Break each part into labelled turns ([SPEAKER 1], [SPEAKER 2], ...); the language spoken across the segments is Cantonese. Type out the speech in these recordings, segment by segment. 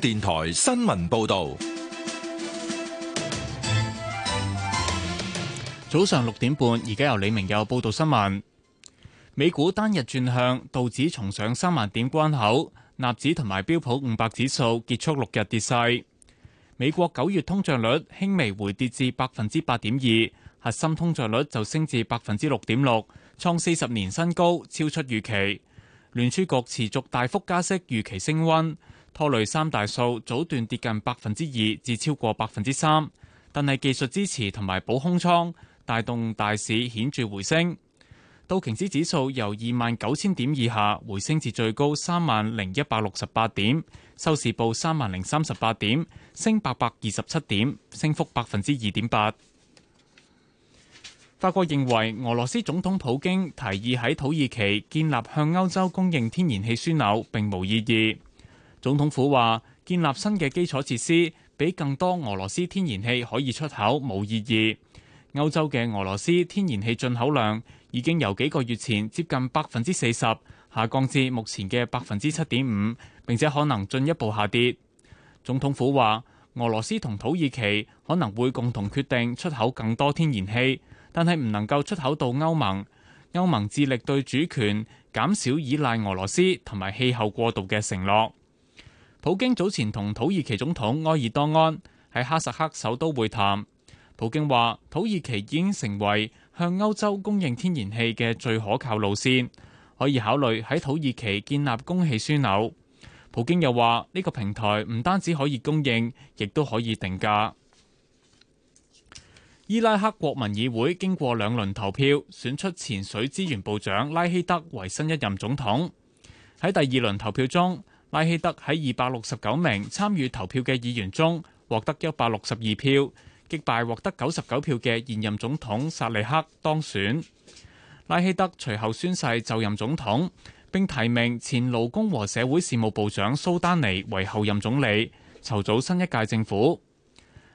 [SPEAKER 1] 電台新聞報
[SPEAKER 2] 道，早上六點半，而家由李明有報道新聞。美股單日轉向，道指重上三萬點關口，納指同埋標普五百指數結束六日跌勢。美國九月通脹率輕微回跌至百分之八點二，核心通脹率就升至百分之六點六，創四十年新高，超出預期。聯儲局持續大幅加息，預期升溫。拖累三大數早段跌近百分之二至超過百分之三，但係技術支持同埋補空倉帶動大市顯著回升。道瓊斯指數由二萬九千點以下回升至最高三萬零一百六十八點，收市報三萬零三十八點，升八百二十七點，升幅百分之二點八。法國認為俄羅斯總統普京提議喺土耳其建立向歐洲供應天然氣樞紐，並無意義。總統府話，建立新嘅基礎設施，俾更多俄羅斯天然氣可以出口，冇意義。歐洲嘅俄羅斯天然氣進口量已經由幾個月前接近百分之四十下降至目前嘅百分之七點五，並且可能進一步下跌。總統府話，俄羅斯同土耳其可能會共同決定出口更多天然氣，但係唔能夠出口到歐盟。歐盟致力對主權減少依賴俄羅斯同埋氣候過渡嘅承諾。普京早前同土耳其總統埃爾多安喺哈薩克首都會談。普京話土耳其已經成為向歐洲供應天然氣嘅最可靠路線，可以考慮喺土耳其建立供氣樞紐。普京又話呢個平台唔單止可以供應，亦都可以定價。伊拉克國民議會經過兩輪投票，選出前水資源部長拉希德為新一任總統。喺第二輪投票中，拉希德喺二百六十九名參與投票嘅議員中獲得一百六十二票，擊敗獲得九十九票嘅現任總統薩利克當選。拉希德隨後宣誓就任總統，並提名前勞工和社會事務部長蘇丹尼為後任總理，籌組新一屆政府。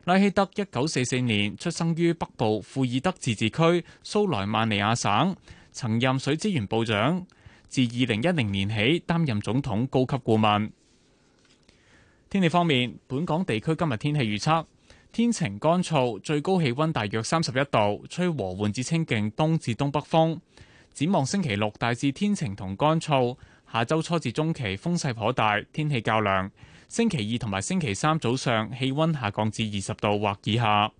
[SPEAKER 2] 拉希德一九四四年出生於北部庫爾德自治區蘇萊曼尼亞省，曾任水資源部長。自二零一零年起擔任總統高級顧問。天氣方面，本港地區今日天氣預測天晴乾燥，最高氣溫大約三十一度，吹和緩至清勁，東至東北風。展望星期六大致天晴同乾燥，下周初至中期風勢頗大，天氣較涼。星期二同埋星期三早上氣溫下降至二十度或以下。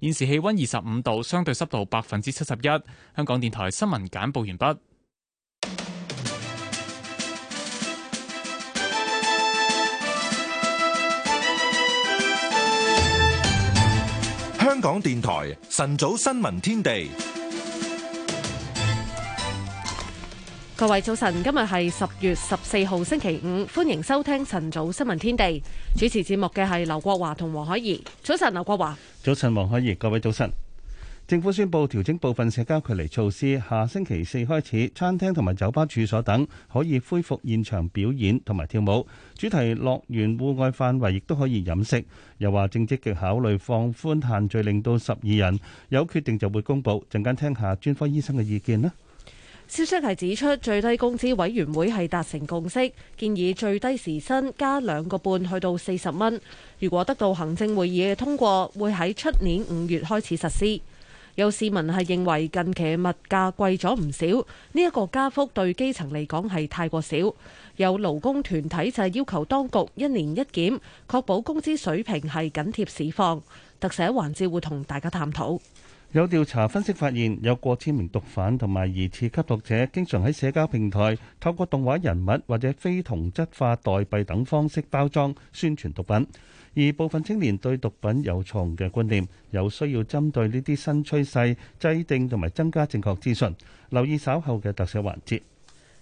[SPEAKER 2] 現時氣溫二十五度，相對濕度百分之七十一。香港電台新聞簡報完畢。
[SPEAKER 1] 香港電台晨早新聞天地，
[SPEAKER 3] 各位早晨，今日係十月十四號星期五，歡迎收聽晨早新聞天地。主持節目嘅係劉國華同黃海怡。早晨，劉國華。
[SPEAKER 4] 早晨，黃海怡。各位早晨。政府宣布調整部分社交距離措施，下星期四開始，餐廳同埋酒吧、處所等可以恢復現場表演同埋跳舞。主題樂園戶外範圍亦都可以飲食。又話正積極考慮放寬限聚令到十二人，有決定就會公佈。陣間聽下專科醫生嘅意見啦。
[SPEAKER 3] 消息係指出，最低工資委員會係達成共識，建議最低時薪加兩個半去到四十蚊。如果得到行政會議嘅通過，會喺出年五月開始實施。有市民係認為近期物價貴咗唔少，呢一個加幅對基層嚟講係太過少。有勞工團體就要求當局一年一檢，確保工資水平係緊貼市況。特寫環節會同大家探討。
[SPEAKER 4] 有調查分析發現，有過千名毒販同埋疑似吸毒者，經常喺社交平台透過動畫人物或者非同質化代幣等方式包裝宣傳毒品。而部分青年對毒品有錯誤嘅觀念，有需要針對呢啲新趨勢制定，同埋增加正確資訊。留意稍後嘅特寫環節。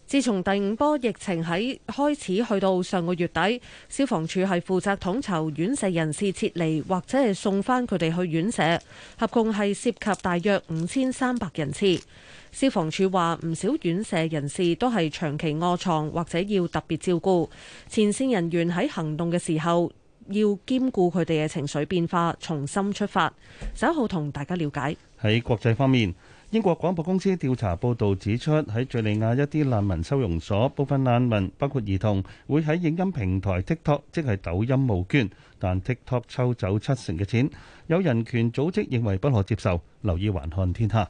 [SPEAKER 3] 自從第五波疫情喺開始去到上個月底，消防處係負責統籌院舍人士撤離或者係送翻佢哋去院舍，合共係涉及大約五千三百人次。消防處話唔少院舍人士都係長期臥床或者要特別照顧，前線人員喺行動嘅時候。要兼顧佢哋嘅情緒變化，重新出發。十一號同大家了解。
[SPEAKER 4] 喺國際方面，英國廣播公司調查報導指出，喺敘利亞一啲難民收容所，部分難民包括兒童，會喺影音平台 TikTok，即係抖音募捐，但 TikTok 抽走七成嘅錢，有人權組織認為不可接受。留意環看天下。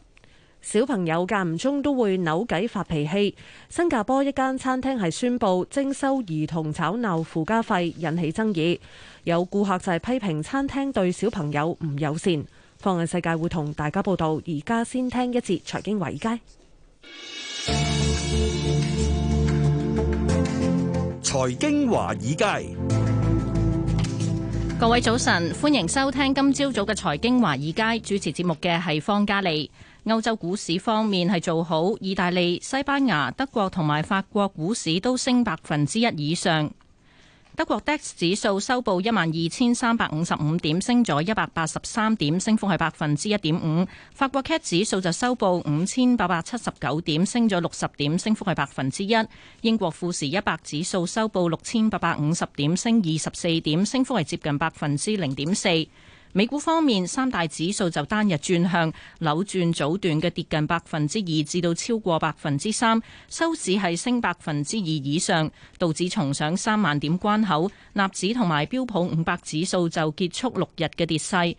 [SPEAKER 3] 小朋友間唔中都會扭計發脾氣。新加坡一間餐廳係宣布徵收兒童吵鬧附加費，引起爭議。有顧客就係批評餐廳對小朋友唔友善。放眼世界會同大家報道。而家先聽一節《財經華爾街》。
[SPEAKER 5] 財經華爾街，
[SPEAKER 6] 各位早晨，歡迎收聽今朝早嘅《財經華爾街》。主持節目嘅係方嘉利。歐洲股市方面係做好，意大利、西班牙、德國同埋法國股市都升百分之一以上。德國 DAX 指數收報一萬二千三百五十五點，升咗一百八十三點，升幅係百分之一點五。法國 CAC 指數就收報五千八百七十九點，升咗六十點，升幅係百分之一。英國富時一百指數收報六千八百五十點，升二十四點，升幅係接近百分之零點四。美股方面，三大指數就單日轉向扭轉早段嘅跌近百分之二至到超過百分之三，收市係升百分之二以上，道指重上三萬點關口，納指同埋標普五百指數就結束六日嘅跌勢。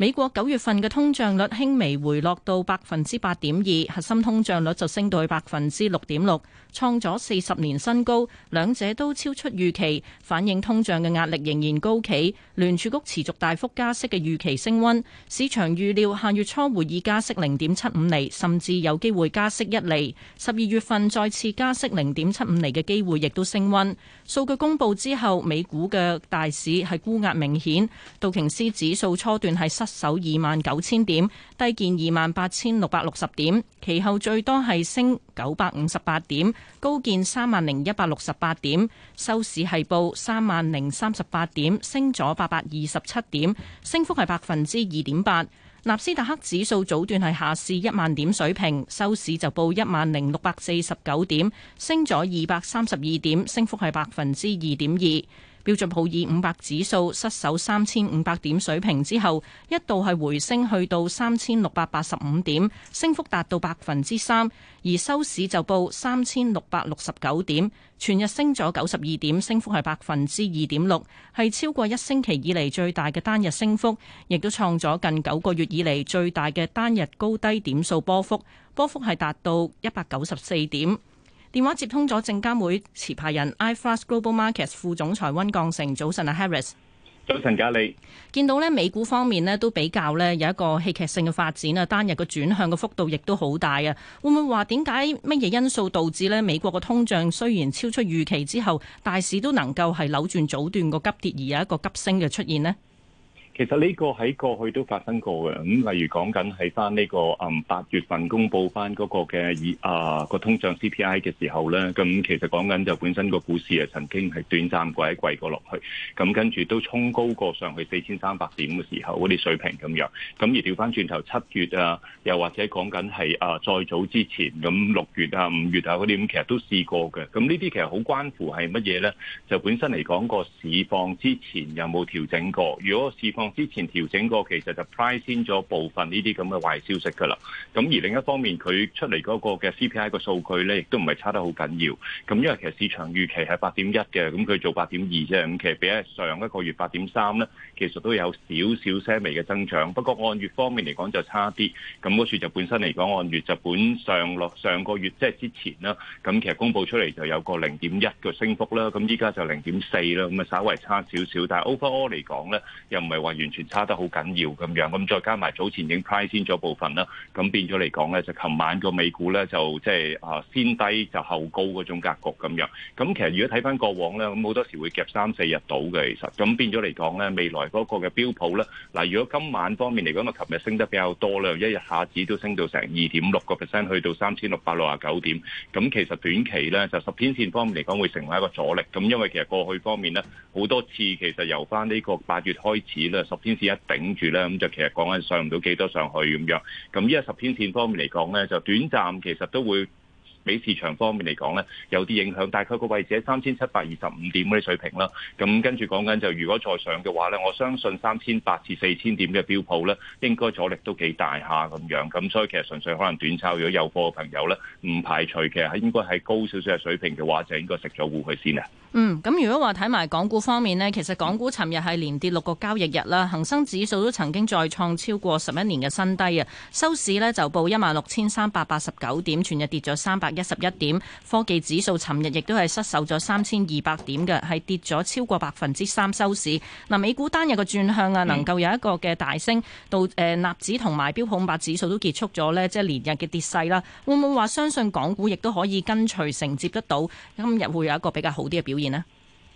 [SPEAKER 6] 美國九月份嘅通脹率輕微回落到百分之八點二，核心通脹率就升到去百分之六點六，創咗四十年新高。兩者都超出預期，反映通脹嘅壓力仍然高企。聯儲局持續大幅加息嘅預期升溫，市場預料下月初會議加息零點七五厘，甚至有機會加息一厘。十二月份再次加息零點七五厘嘅機會亦都升溫。數據公佈之後，美股嘅大市係沽壓明顯，道瓊斯指數初段係失首二萬九千點，低見二萬八千六百六十點，其後最多係升九百五十八點，高見三萬零一百六十八點，收市係報三萬零三十八點，升咗八百二十七點，升幅係百分之二點八。納斯達克指數早段係下市一萬點水平，收市就報一萬零六百四十九點，升咗二百三十二點，升幅係百分之二點二。標準普爾五百指數失守三千五百點水平之後，一度係回升去到三千六百八十五點，升幅達到百分之三，而收市就報三千六百六十九點，全日升咗九十二點，升幅係百分之二點六，係超過一星期以嚟最大嘅單日升幅，亦都創咗近九個月以嚟最大嘅單日高低點數波幅，波幅係達到一百九十四點。電話接通咗證監會持牌人 iFAST Global Markets 副總裁温剛成，早晨啊，Harris，
[SPEAKER 7] 早晨賈
[SPEAKER 5] 利，
[SPEAKER 6] 見到咧美股方面咧都比較咧有一個戲劇性嘅發展啊，單日個轉向嘅幅度亦都好大啊，會唔會話點解乜嘢因素導致咧美國嘅通脹雖然超出預期之後，大市都能夠係扭轉早段個急跌而有一個急升嘅出現呢？
[SPEAKER 7] 其實呢個喺過去都發生過嘅，咁例如講緊係返呢個誒八月份公佈返嗰個嘅以啊個通脹 CPI 嘅時候咧，咁其實講緊就本身個股市啊曾經係短暫貴一貴過落去，咁跟住都衝高過上去四千三百點嘅時候嗰啲水平咁樣，咁而調返轉頭七月啊，又或者講緊係啊再早之前咁六月啊、五月啊嗰啲咁，其實都試過嘅。咁呢啲其實好關乎係乜嘢咧？就本身嚟講個市況之前有冇調整過？如果市況，之前調整過其實就 price in 咗部分呢啲咁嘅壞消息㗎啦，咁而另一方面佢出嚟嗰個嘅 CPI 個數據咧，亦都唔係差得好緊要，咁因為其實市場預期係八點一嘅，咁佢做八點二啫，咁其實比上一個月八點三咧，其實都有少少些微嘅增長，不過按月方面嚟講就差啲，咁嗰處就本身嚟講按月就本上落上個月即係之前啦，咁其實公佈出嚟就有個零點一嘅升幅啦，咁依家就零點四啦，咁啊稍微差少少，但係 overall 嚟講咧又唔係話，完全差得好緊要咁樣，咁再加埋早前已經 price 先咗部分啦，咁變咗嚟講咧，就琴晚個美股咧就即係啊先低就後高嗰種格局咁樣。咁其實如果睇翻過往咧，咁好多時會夾三四日到嘅，其實咁變咗嚟講咧，未來嗰個嘅標普咧，嗱如果今晚方面嚟講，咪琴日升得比較多咧，一日下子都升到成二點六個 percent，去到三千六百六十九點。咁其實短期咧就十天線方面嚟講會成為一個阻力，咁因為其實過去方面咧好多次其實由翻呢個八月開始咧。十天線一頂住咧，咁就其實講緊上唔到幾多上去咁樣。咁依家十天線方面嚟講咧，就短暫其實都會。俾市場方面嚟講呢，有啲影響，大概個位置喺三千七百二十五點嗰啲水平啦。咁跟住講緊就，如果再上嘅話呢，我相信三千八至四千點嘅標普呢，應該阻力都幾大下咁樣。咁所以其實純粹可能短炒，如果有貨嘅朋友呢，唔排除其實係應該係高少少嘅水平嘅話，就應該食咗護佢先啊。嗯，
[SPEAKER 6] 咁如果話睇埋港股方面呢，其實港股尋日係連跌六個交易日啦，恒生指數都曾經再創超過十一年嘅新低啊，收市呢就報一萬六千三百八十九點，全日跌咗三百一十一點，科技指數尋日亦都係失守咗三千二百點嘅，係跌咗超過百分之三收市。嗱、啊，美股單日嘅轉向啊，能夠有一個嘅大升，嗯、到誒納、呃、指同埋標普五百指數都結束咗咧，即、就、係、是、連日嘅跌勢啦。會唔會話相信港股亦都可以跟隨承接得到？今日會有一個比較好啲嘅表現
[SPEAKER 7] 咧？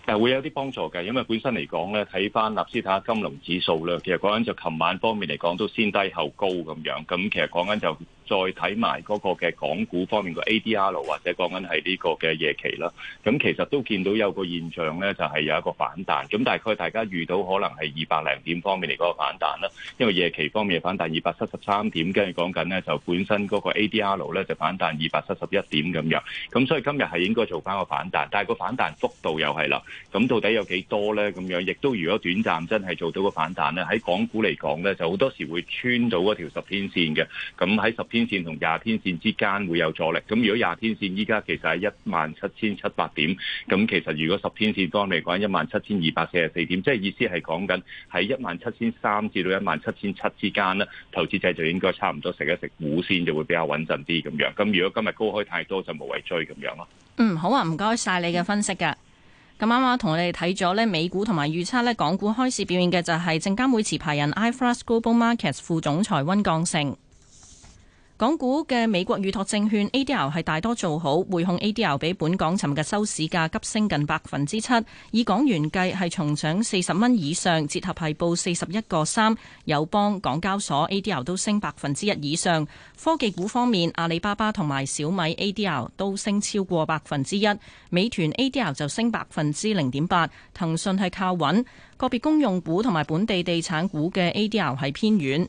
[SPEAKER 7] 誒，會有啲幫助嘅，因為本身嚟講咧，睇翻納斯達克金融指數咧，其實講緊就琴晚方面嚟講都先低後高咁樣，咁其實講緊就。再睇埋嗰個嘅港股方面個 ADR 或者講緊係呢個嘅夜期啦，咁其實都見到有個現象呢，就係有一個反彈。咁大概大家遇到可能係二百零點方面嚟嗰個反彈啦，因為夜期方面反彈二百七十三點，跟住講緊呢就本身嗰個 ADR 咧就反彈二百七十一點咁樣。咁所以今日係應該做返個反彈，但係個反彈幅度又係啦，咁到底有幾多呢？咁樣亦都如果短暫真係做到個反彈呢，喺港股嚟講呢，就好多時會穿到嗰條十天線嘅。咁喺十天線同廿天線之間會有阻力。咁如果廿天線依家其實係一萬七千七百點，咁其實如果十天線方面嚟講，一萬七千二百四十四點，即係意思係講緊喺一萬七千三至到一萬七千七之間咧，投資者就應該差唔多食一食股先就會比較穩陣啲咁樣。咁如果今日高開太多就無謂追咁樣咯。
[SPEAKER 6] 嗯，好啊，唔該晒你嘅分析噶。咁啱啱同我哋睇咗咧美股，同埋預測呢港股開市表現嘅就係證監會持牌人 Ifras Global Markets 副總裁溫鋼城。港股嘅美國預託證券 ADR 係大多做好，匯控 ADR 比本港尋日收市價急升近百分之七，以港元計係重漲四十蚊以上，折合係報四十一個三。友邦、港交所 ADR 都升百分之一以上。科技股方面，阿里巴巴同埋小米 ADR 都升超過百分之一，美團 ADR 就升百分之零點八，騰訊係靠穩。個別公用股同埋本地地產股嘅 ADR 係偏軟。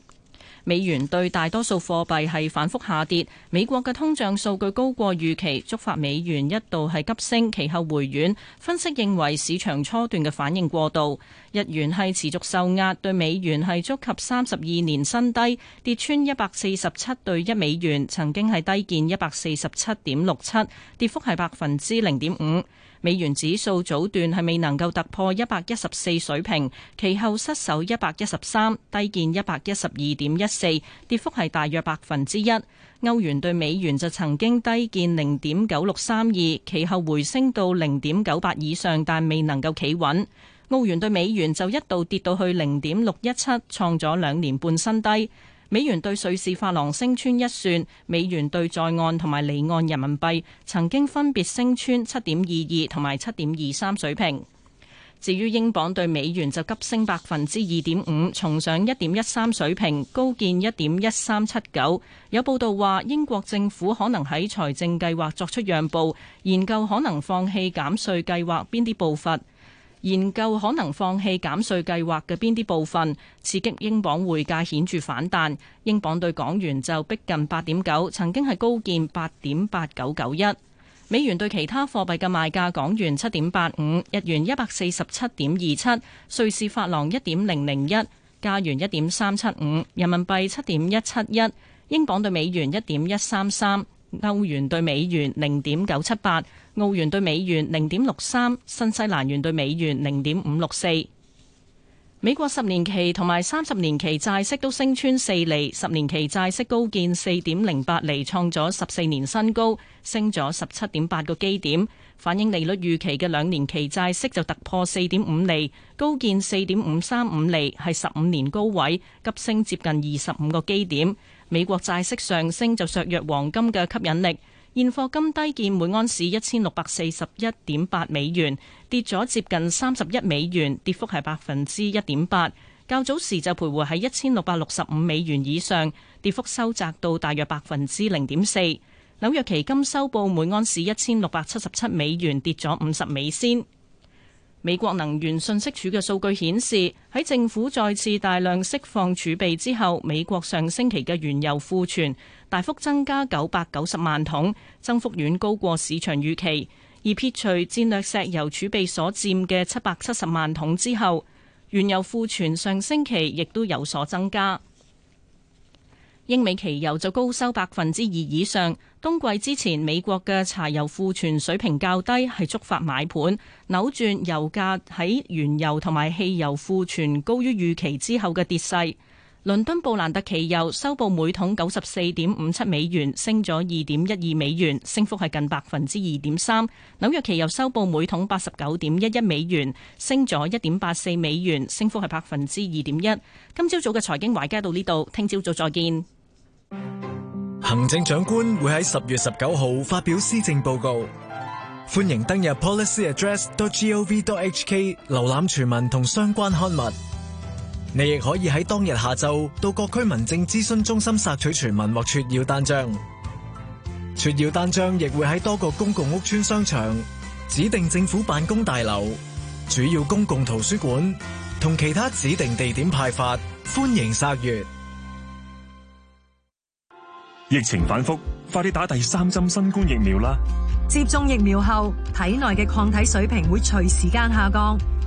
[SPEAKER 6] 美元對大多數貨幣係反覆下跌，美國嘅通脹數據高過預期，觸發美元一度係急升，其後回軟。分析認為市場初段嘅反應過度。日元係持續受壓，對美元係觸及三十二年新低，跌穿一百四十七對一美元，曾經係低見一百四十七點六七，跌幅係百分之零點五。美元指數早段係未能夠突破一百一十四水平，其後失守一百一十三，低見一百一十二點一四，跌幅係大約百分之一。歐元兌美元就曾經低見零點九六三二，其後回升到零點九八以上，但未能夠企穩。澳元兌美元就一度跌到去零點六一七，創咗兩年半新低。美元兌瑞士法郎升穿一算，美元兌在岸同埋離岸人民幣曾經分別升穿七點二二同埋七點二三水平。至於英鎊兌美元就急升百分之二點五，重上一點一三水平，高見一點一三七九。有報道話英國政府可能喺財政計劃作出讓步，研究可能放棄減稅計劃邊啲步伐。研究可能放棄減稅計劃嘅邊啲部分，刺激英鎊匯價顯著反彈。英鎊對港元就逼近八點九，曾經係高見八點八九九一。美元對其他貨幣嘅賣價，港元七點八五，日元一百四十七點二七，瑞士法郎一點零零一，加元一點三七五，人民幣七點一七一，英鎊對美元一點一三三，歐元對美元零點九七八。澳元兌美元零點六三，新西蘭元兌美元零點五六四。美國十年期同埋三十年期債息都升穿四厘，十年期債息高見四點零八厘，創咗十四年新高，升咗十七點八個基點。反映利率預期嘅兩年期債息就突破四點五厘，高見四點五三五厘，係十五年高位，急升接近二十五個基點。美國債息上升就削弱黃金嘅吸引力。現貨金低見每安士一千六百四十一點八美元，跌咗接近三十一美元，跌幅係百分之一點八。較早時就徘徊喺一千六百六十五美元以上，跌幅收窄到大約百分之零點四。紐約期金收報每安士一千六百七十七美元，跌咗五十美仙。美國能源信息署嘅數據顯示，喺政府再次大量釋放儲備之後，美國上星期嘅原油庫存，大幅增加九百九十萬桶，增幅遠高過市場預期。而撇除戰略石油儲備所占嘅七百七十萬桶之後，原油庫存上星期亦都有所增加。英美期油就高收百分之二以上。冬季之前，美國嘅柴油庫存水平較低，係觸發買盤，扭轉油價喺原油同埋汽油庫存高於預期之後嘅跌勢。倫敦布蘭特期油收報每桶九十四點五七美元，升咗二點一二美元，升幅係近百分之二點三。紐約期油收報每桶八十九點一一美元，升咗一點八四美元，升幅係百分之二點一。今朝早嘅財經快街到呢度，聽朝早再見。
[SPEAKER 8] 行政長官會喺十月十九號發表施政報告，歡迎登入 policyaddress.gov.hk 瀏覽全文同相關刊物。你亦可以喺當日下晝到各區民政諮詢中心索取全民獲豁耀單張，豁耀單張亦會喺多個公共屋邨、商場、指定政府辦公大樓、主要公共圖書館同其他指定地點派發，歡迎索閱。疫
[SPEAKER 7] 情反復，快啲打第三針新冠疫苗啦！
[SPEAKER 3] 接種疫苗後，體內嘅抗體水平會隨時間下降。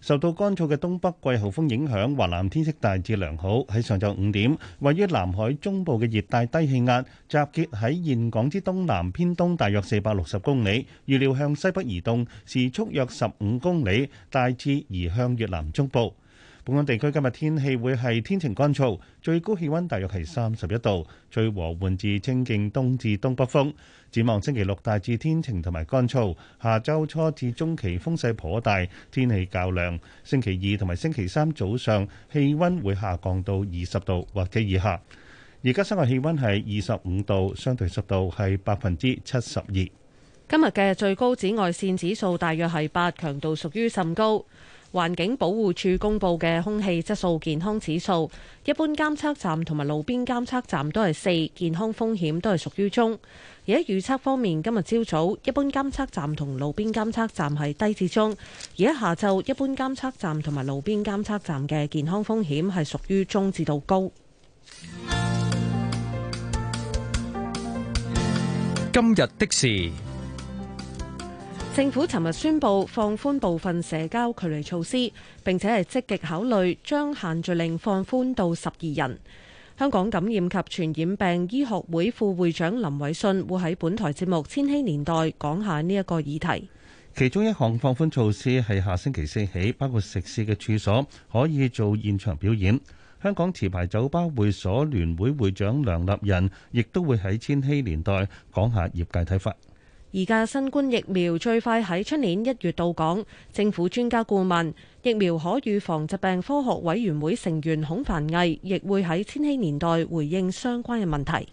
[SPEAKER 4] 受到乾燥嘅東北季候風影響，華南天色大致良好。喺上晝五點，位於南海中部嘅熱帶低氣壓集結喺峴港之東南偏東大約四百六十公里，預料向西北移動，時速約十五公里，大致移向越南中部。本港地區今日天氣會係天晴乾燥，最高氣温大約係三十一度，吹和緩至清勁東至東北風。展望星期六大致天晴同埋乾燥，下周初至中期風勢頗大，天氣較涼。星期二同埋星期三早上氣温會下降到二十度或者以下。而家室外氣温係二十五度，相對濕度係百分之七十二。
[SPEAKER 3] 今日嘅最高紫外線指數大約係八，強度屬於甚高。環境保護署公布嘅空氣質素健康指數，一般監測站同埋路邊監測站都係四，健康風險都係屬於中。而喺預測方面，今日朝早一般監測站同路邊監測站係低至中，而喺下晝一般監測站同埋路邊監測站嘅健康風險係屬於中至到高。
[SPEAKER 8] 今日的事。
[SPEAKER 3] 政府尋日宣布放寬部分社交距離措施，並且係積極考慮將限聚令放寬到十二人。香港感染及傳染病醫學會副會長林偉信會喺本台節目《千禧年代》講下呢一個議題。
[SPEAKER 4] 其中一項放寬措施係下星期四起，包括食肆嘅處所可以做現場表演。香港持牌酒吧會所聯會會長梁立仁亦都會喺《千禧年代》講下業界睇法。
[SPEAKER 3] 而家新冠疫苗最快喺出年一月到港，政府專家顧問疫苗可預防疾病科學委員會成員孔凡毅亦會喺千禧年代回應相關嘅問題。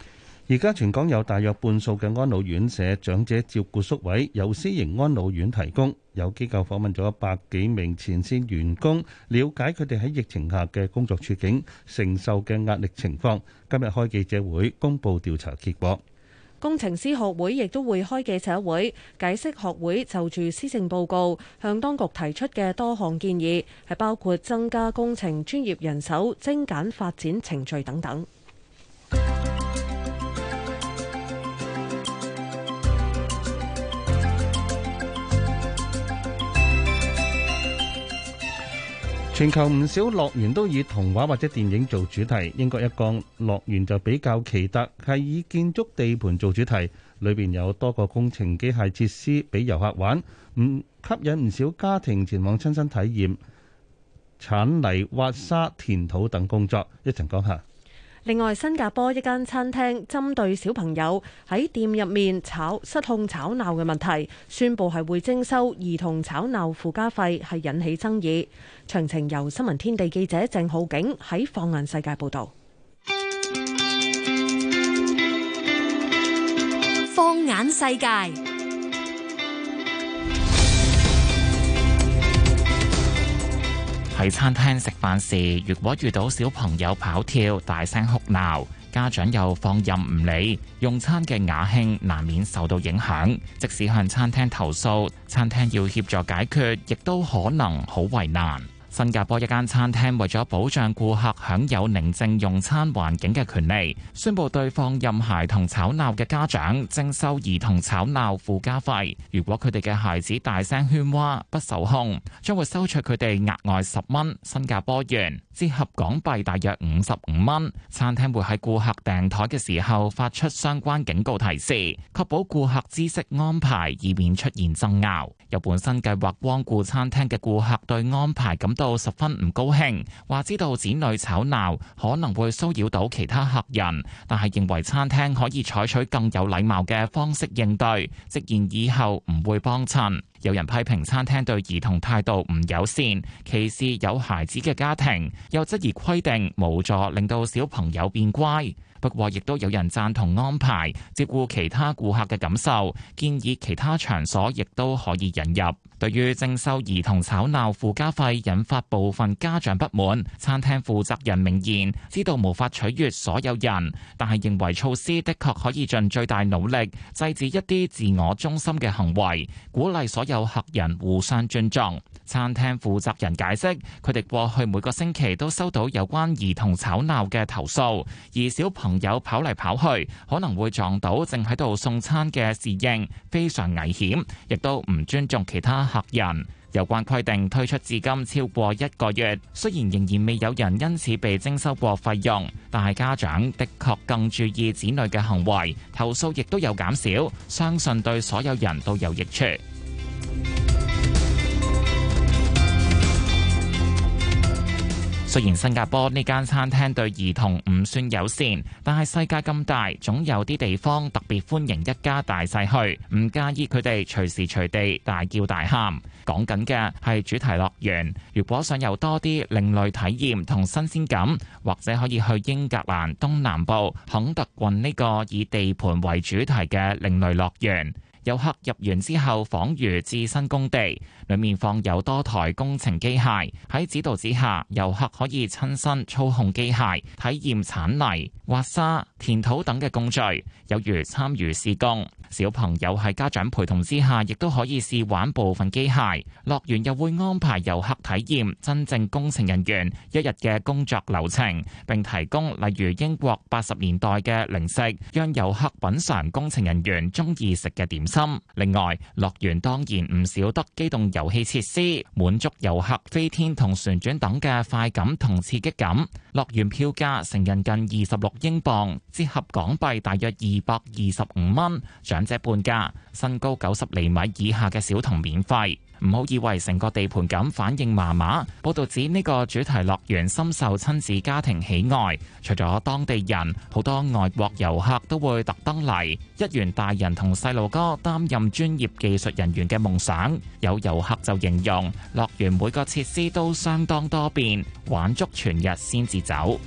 [SPEAKER 4] 而家全港有大約半數嘅安老院舍長者照顧宿位由私營安老院提供。有機構訪問咗百幾名前線員工，了解佢哋喺疫情下嘅工作處境、承受嘅壓力情況，今日開記者會公布調查結果。
[SPEAKER 3] 工程師學會亦都會開記者會，解釋學會就住施政報告向當局提出嘅多項建議，係包括增加工程專業人手、精簡發展程序等等。
[SPEAKER 4] 全球唔少樂園都以童話或者電影做主題，英國一個樂園就比較奇特，係以建築地盤做主題，裏邊有多個工程機械設施俾遊客玩，唔吸引唔少家庭前往親身體驗剷泥、挖沙、填土等工作，一陣講下。
[SPEAKER 3] 另外，新加坡一間餐廳針對小朋友喺店入面吵失控吵鬧嘅問題，宣布係會徵收兒童吵鬧附加費，係引起爭議。詳情由新聞天地記者鄭浩景喺《放眼世界》報道。
[SPEAKER 9] 放眼世界。
[SPEAKER 10] 喺餐廳食飯時，如果遇到小朋友跑跳、大聲哭鬧，家長又放任唔理，用餐嘅雅興難免受到影響。即使向餐廳投訴，餐廳要協助解決，亦都可能好為難。新加坡一間餐廳為咗保障顧客享有寧靜用餐環境嘅權利，宣布對放任孩童吵鬧嘅家長徵收兒童吵鬧附加費。如果佢哋嘅孩子大聲喧嘩不受控，將會收取佢哋額外十蚊新加坡元，折合港幣大約五十五蚊。餐廳會喺顧客訂台嘅時候發出相關警告提示，確保顧客知識安排，以免出現爭拗。有本身計劃光顧餐廳嘅顧客對安排感到十分唔高興，話知道子女吵鬧可能會騷擾到其他客人，但係認為餐廳可以採取更有禮貌嘅方式應對，直言以後唔會幫襯。有人批評餐廳對兒童態度唔友善，歧視有孩子嘅家庭，又質疑規定無助令到小朋友變乖。不過，亦都有人贊同安排，照顧其他顧客嘅感受，建議其他場所亦都可以引入。對於徵收兒童吵鬧附加費引發部分家長不滿，餐廳負責人明言知道無法取悦所有人，但係認為措施的確可以盡最大努力制止一啲自我中心嘅行為，鼓勵所有客人互相尊重。餐廳負責人解釋，佢哋過去每個星期都收到有關兒童吵鬧嘅投訴，而小朋友跑嚟跑去可能會撞到正喺度送餐嘅侍應，非常危險，亦都唔尊重其他。客人。有關規定推出至今超過一個月，雖然仍然未有人因此被徵收過費用，但係家長的確更注意子女嘅行為，投訴亦都有減少，相信對所有人都有益處。雖然新加坡呢間餐廳對兒童唔算友善，但係世界咁大，總有啲地方特別歡迎一家大細去，唔介意佢哋隨時隨地大叫大喊。講緊嘅係主題樂園，如果想有多啲另類體驗同新鮮感，或者可以去英格蘭東南部肯特郡呢個以地盤為主題嘅另類樂園。遊客入園之後，仿如置身工地，裡面放有多台工程機械。喺指導之下，遊客可以親身操控機械，體驗鏟泥、挖沙、填土等嘅工序，有如參與施工。小朋友喺家長陪同之下，亦都可以試玩部分機械。樂園又會安排遊客體驗真正工程人員一日嘅工作流程，並提供例如英國八十年代嘅零食，讓遊客品嚐工程人員鍾意食嘅點心。另外，樂園當然唔少得機動遊戲設施，滿足遊客飛天同旋轉等嘅快感同刺激感。樂園票價成人近二十六英鎊，折合港幣大約二百二十五蚊。長半價，身高九十厘米以下嘅小童免費。唔好以為成個地盤咁反應麻麻。報道指呢個主題樂園深受親子家庭喜愛，除咗當地人，好多外國遊客都會特登嚟。一圓大人同細路哥擔任專業技術人員嘅夢想，有遊客就形容，樂園每個設施都相當多變，玩足全日先至走。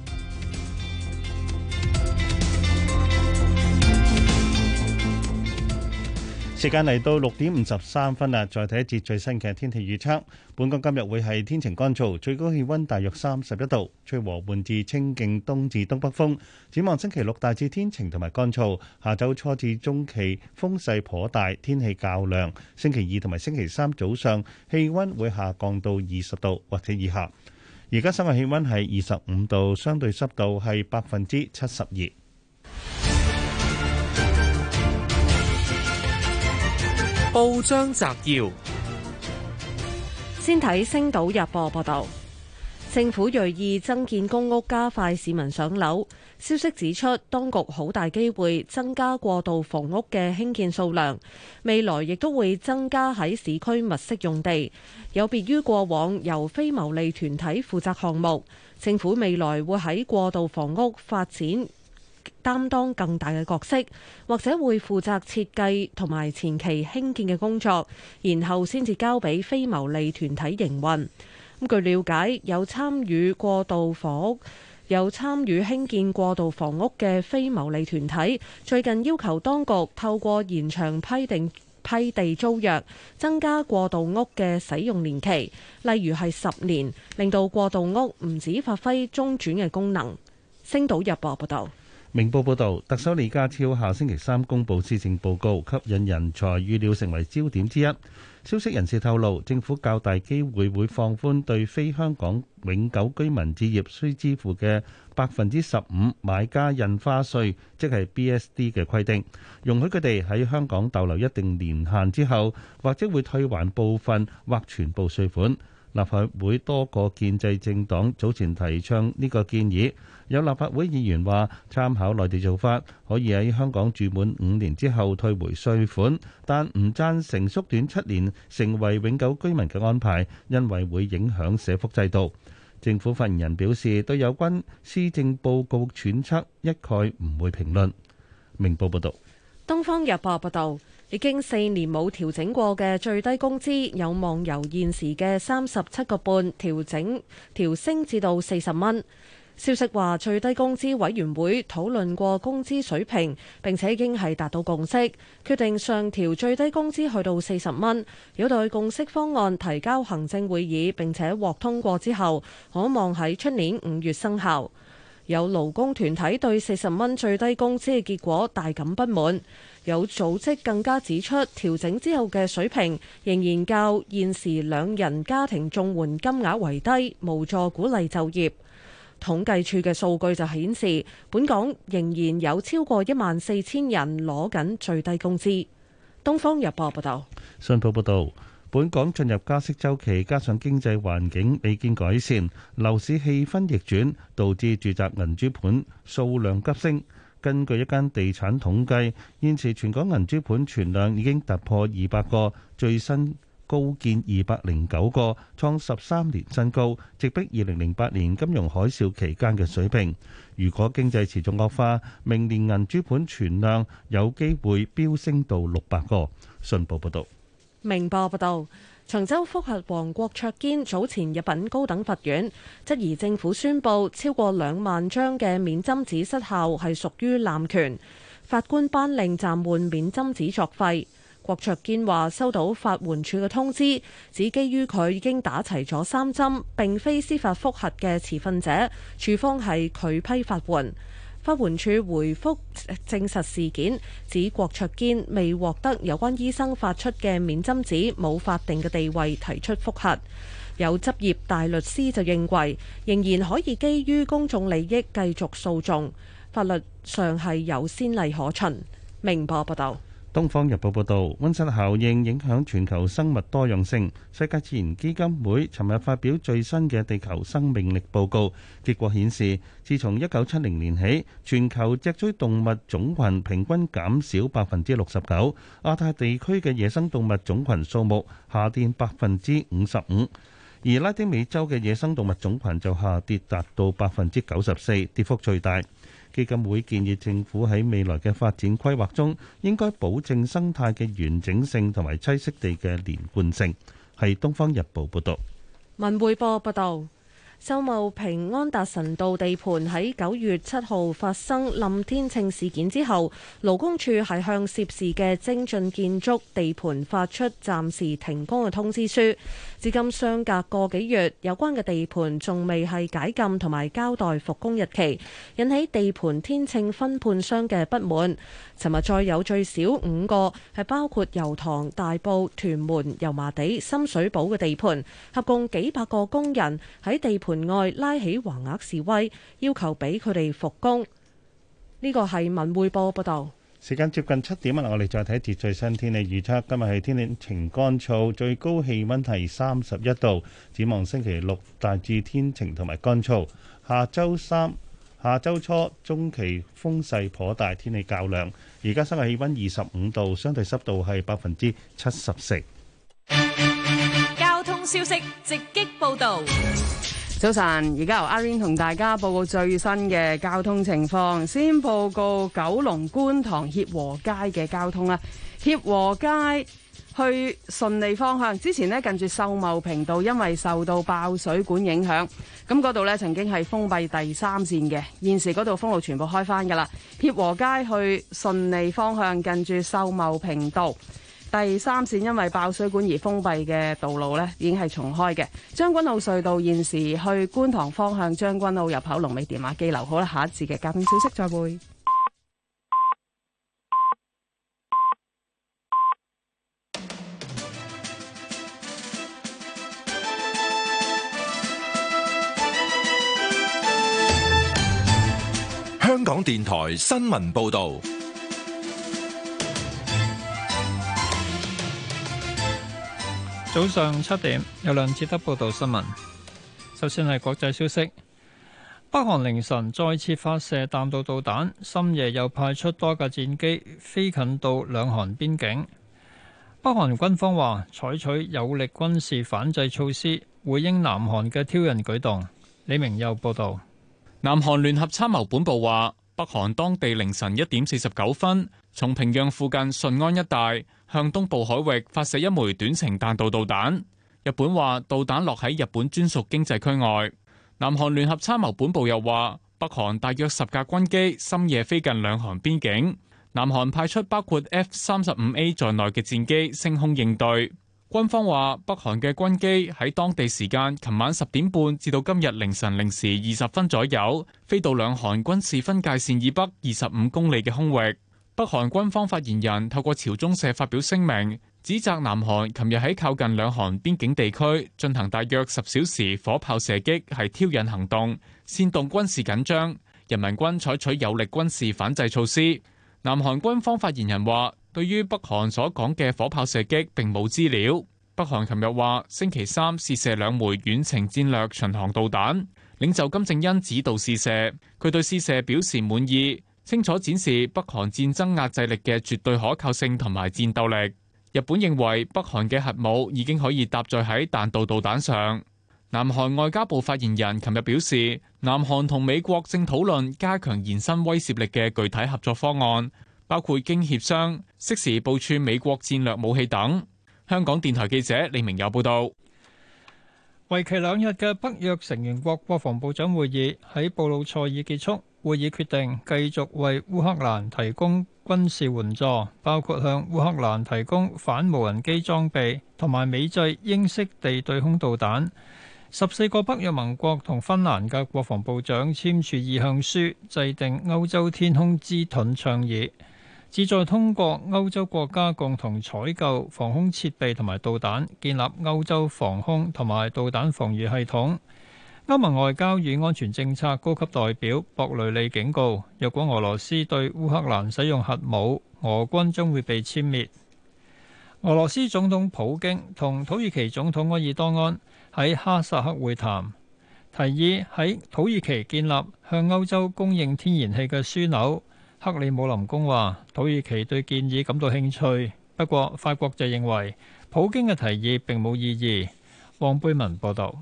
[SPEAKER 10] 時間嚟到六點五
[SPEAKER 4] 十三分啦，再睇一節最新嘅天氣預測。本港今日會係天晴乾燥，最高氣溫大約三十一度，吹和緩至清勁東至東北風。展望星期六大致天晴同埋乾燥，下周初至中期風勢頗大，天氣較涼。星期二同埋星期三早上氣溫會下降到二十度或者以下。而家室外氣溫係二十五度，相對濕度係百分之七十二。
[SPEAKER 11] 報
[SPEAKER 2] 章摘要，
[SPEAKER 3] 先睇星島日報報道，政府銳意增建公屋，加快市民上樓。消息指出，當局好大機會增加過渡房屋嘅興建數量，未來亦都會增加喺市區物色用地。有別於過往由非牟利團體負責項目，政府未來會喺過渡房屋發展。擔當更大嘅角色，或者會負責設計同埋前期興建嘅工作，然後先至交俾非牟利團體營運。咁據瞭解，有參與過渡房屋有參與興建過渡房屋嘅非牟利團體，最近要求當局透過延長批定批地租約，增加過渡屋嘅使用年期，例如係十年，令到過渡屋唔止發揮中轉嘅功能。星島日報報道。
[SPEAKER 4] 明報報導，特首李家超下星期三公布施政報告，吸引人才預料成為焦點之一。消息人士透露，政府較大機會會放寬對非香港永久居民置業需支付嘅百分之十五買家印花稅，即係 BSD 嘅規定，容許佢哋喺香港逗留一定年限之後，或者會退還部分或全部稅款。立法會多個建制政黨早前提倡呢個建議，有立法會議員話參考內地做法，可以喺香港住滿五年之後退回稅款，但唔贊成縮短七年成為永久居民嘅安排，因為會影響社福制度。政府發言人表示，對有關施政報告揣測一概唔會評論。明報報道，
[SPEAKER 3] 東方日報報道。已經四年冇調整過嘅最低工資，有望由現時嘅三十七個半調整調升至到四十蚊。消息話，最低工資委員會討論過工資水平，並且已經係達到共識，決定上調最低工資去到四十蚊。有待共識方案提交行政會議，並且獲通過之後，可望喺出年五月生效。有勞工團體對四十蚊最低工資嘅結果大感不滿。有組織更加指出，調整之後嘅水平仍然較現時兩人家庭綜援金額為低，無助鼓勵就業。統計處嘅數據就顯示，本港仍然有超過一萬四千人攞緊最低工資。《東方日報》報道。
[SPEAKER 4] 《信報》報道，本港進入加息周期，加上經濟環境未見改善，樓市氣氛逆轉，導致住宅銀主盤數量急升。根據一間地產統計，現時全港銀主盤存量已經突破二百個，最新高見二百零九個，創十三年新高，直逼二零零八年金融海嘯期間嘅水平。如果經濟持續惡化，明年銀主盤存量有機會飆升到六百個。信報報導。
[SPEAKER 3] 明報報導。長洲覆核王郭卓堅早前入禀高等法院，質疑政府宣布超過兩萬張嘅免針紙失效係屬於濫權。法官頒令暫緩免針紙作廢。郭卓堅話收到法援處嘅通知，只基於佢已經打齊咗三針，並非司法覆核嘅持份者，處方係拒批法援。法援處回覆證實事件，指郭卓堅未獲得有關醫生發出嘅免針紙，冇法定嘅地位提出覆核。有執業大律師就認為，仍然可以基於公眾利益繼續訴訟，法律上係有先例可循。明報、啊、報道。
[SPEAKER 4] 《東方日報》報導，溫室效應影響全球生物多樣性。世界自然基金會尋日發表最新嘅地球生命力報告，結果顯示，自從一九七零年起，全球脊椎動物種群平均減少百分之六十九。亞太地區嘅野生動物種群數目下跌百分之五十五，而拉丁美洲嘅野生動物種群就下跌達到百分之九十四，跌幅最大。基金會建議政府喺未來嘅發展規劃中，應該保證生態嘅完整性同埋棲息地嘅連貫性。係東方日報報道，
[SPEAKER 3] 文匯報報道。秀茂坪安達臣道地盤喺九月七號發生冧天秤事件之後，勞工處係向涉事嘅精進建築地盤發出暫時停工嘅通知書。至今相隔個幾月，有關嘅地盤仲未係解禁同埋交代復工日期，引起地盤天秤分判商嘅不滿。尋日再有最少五個係包括油塘、大埔、屯門、油麻地、深水埗嘅地盤，合共幾百個工人喺地盤。盤外拉起橫額示威，要求俾佢哋復工。呢個係文匯報報道。
[SPEAKER 4] 時間接近七點啊，我哋再睇一次最新天氣預測。今日係天氣晴乾燥，最高氣溫係三十一度。展望星期六大致天晴同埋乾燥。下周三下周初中期風勢頗大，天氣較涼。而家室外氣溫二十五度，相對濕度係百分之七十四。
[SPEAKER 6] 交通消息直擊報道。
[SPEAKER 11] 早晨，而家由阿 Win 同大家報告最新嘅交通情況。先報告九龍觀塘協和街嘅交通啦。協和街去順利方向，之前呢，近住秀茂坪道，因為受到爆水管影響，咁嗰度呢曾經係封閉第三線嘅。現時嗰度封路全部開翻噶啦。協和街去順利方向近住秀茂坪道。第三線因為爆水管而封閉嘅道路呢，已經係重開嘅。將軍澳隧道現時去觀塘方向將軍澳入口龍尾電話機留好啦，下一次嘅交通消息再會。
[SPEAKER 1] 香港電台新聞報
[SPEAKER 12] 道。早上七點有兩次得報道新聞。首先係國際消息，北韓凌晨再次發射彈道導彈，深夜又派出多架戰機飛近到兩韓邊境。北韓軍方話採取有力軍事反制措施，回應南韓嘅挑釁舉動。李明又報道，
[SPEAKER 2] 南韓聯合參謀本部話，北韓當地凌晨一點四十九分，從平壤附近順安一帶，向東部海域發射一枚短程彈道導彈。日本話導彈落喺日本專屬經濟區外。南韓聯合參謀本部又話，北韓大約十架軍機深夜飛近兩韓邊境。南韓派出包括 F 三十五 A 在內嘅戰機升空應對。軍方話北韓嘅軍機喺當地時間琴晚十點半至到今日凌晨零時二十分左右，飛到兩韓軍事分界線以北二十五公里嘅空域。北韓軍方發言人透過朝中社發表聲明，指責南韓琴日喺靠近兩韓邊境地區進行大約十小時火炮射擊，係挑釁行動，煽動軍事緊張。人民軍採取有力軍事反制措施。南韓軍方發言人話，對於北韓所講嘅火炮射擊並冇資料。北韓琴日話，星期三試射兩枚遠程戰略巡航導彈，領袖金正恩指導試射，佢對試射表示滿意。清楚展示北韓戰爭壓制力嘅絕對可靠性同埋戰鬥力。日本認為北韓嘅核武已經可以搭載喺彈道導彈上。南韓外交部發言人琴日表示，南韓同美國正討論加強延伸威懾力嘅具體合作方案，包括經協商適時部署美國戰略武器等。香港電台記者李明友報道。
[SPEAKER 12] 為期兩日嘅北約成員國國防部長會議喺布魯塞爾結束。會議決定繼續為烏克蘭提供軍事援助，包括向烏克蘭提供反無人機裝備，同埋美製英式地對空導彈。十四個北約盟國同芬蘭嘅國防部長簽署意向書，制定歐洲天空之盾倡議，旨在通過歐洲國家共同採購防空設備同埋導彈，建立歐洲防空同埋導彈防禦系統。歐盟外交與安全政策高級代表博雷利警告：若果俄羅斯對烏克蘭使用核武，俄軍將會被殲滅。俄羅斯總統普京同土耳其總統埃爾多安喺哈薩克會談，提議喺土耳其建立向歐洲供應天然氣嘅樞紐。克里姆林宮話土耳其對建議感到興趣，不過法國就認為普京嘅提議並冇意義。旺貝文報導。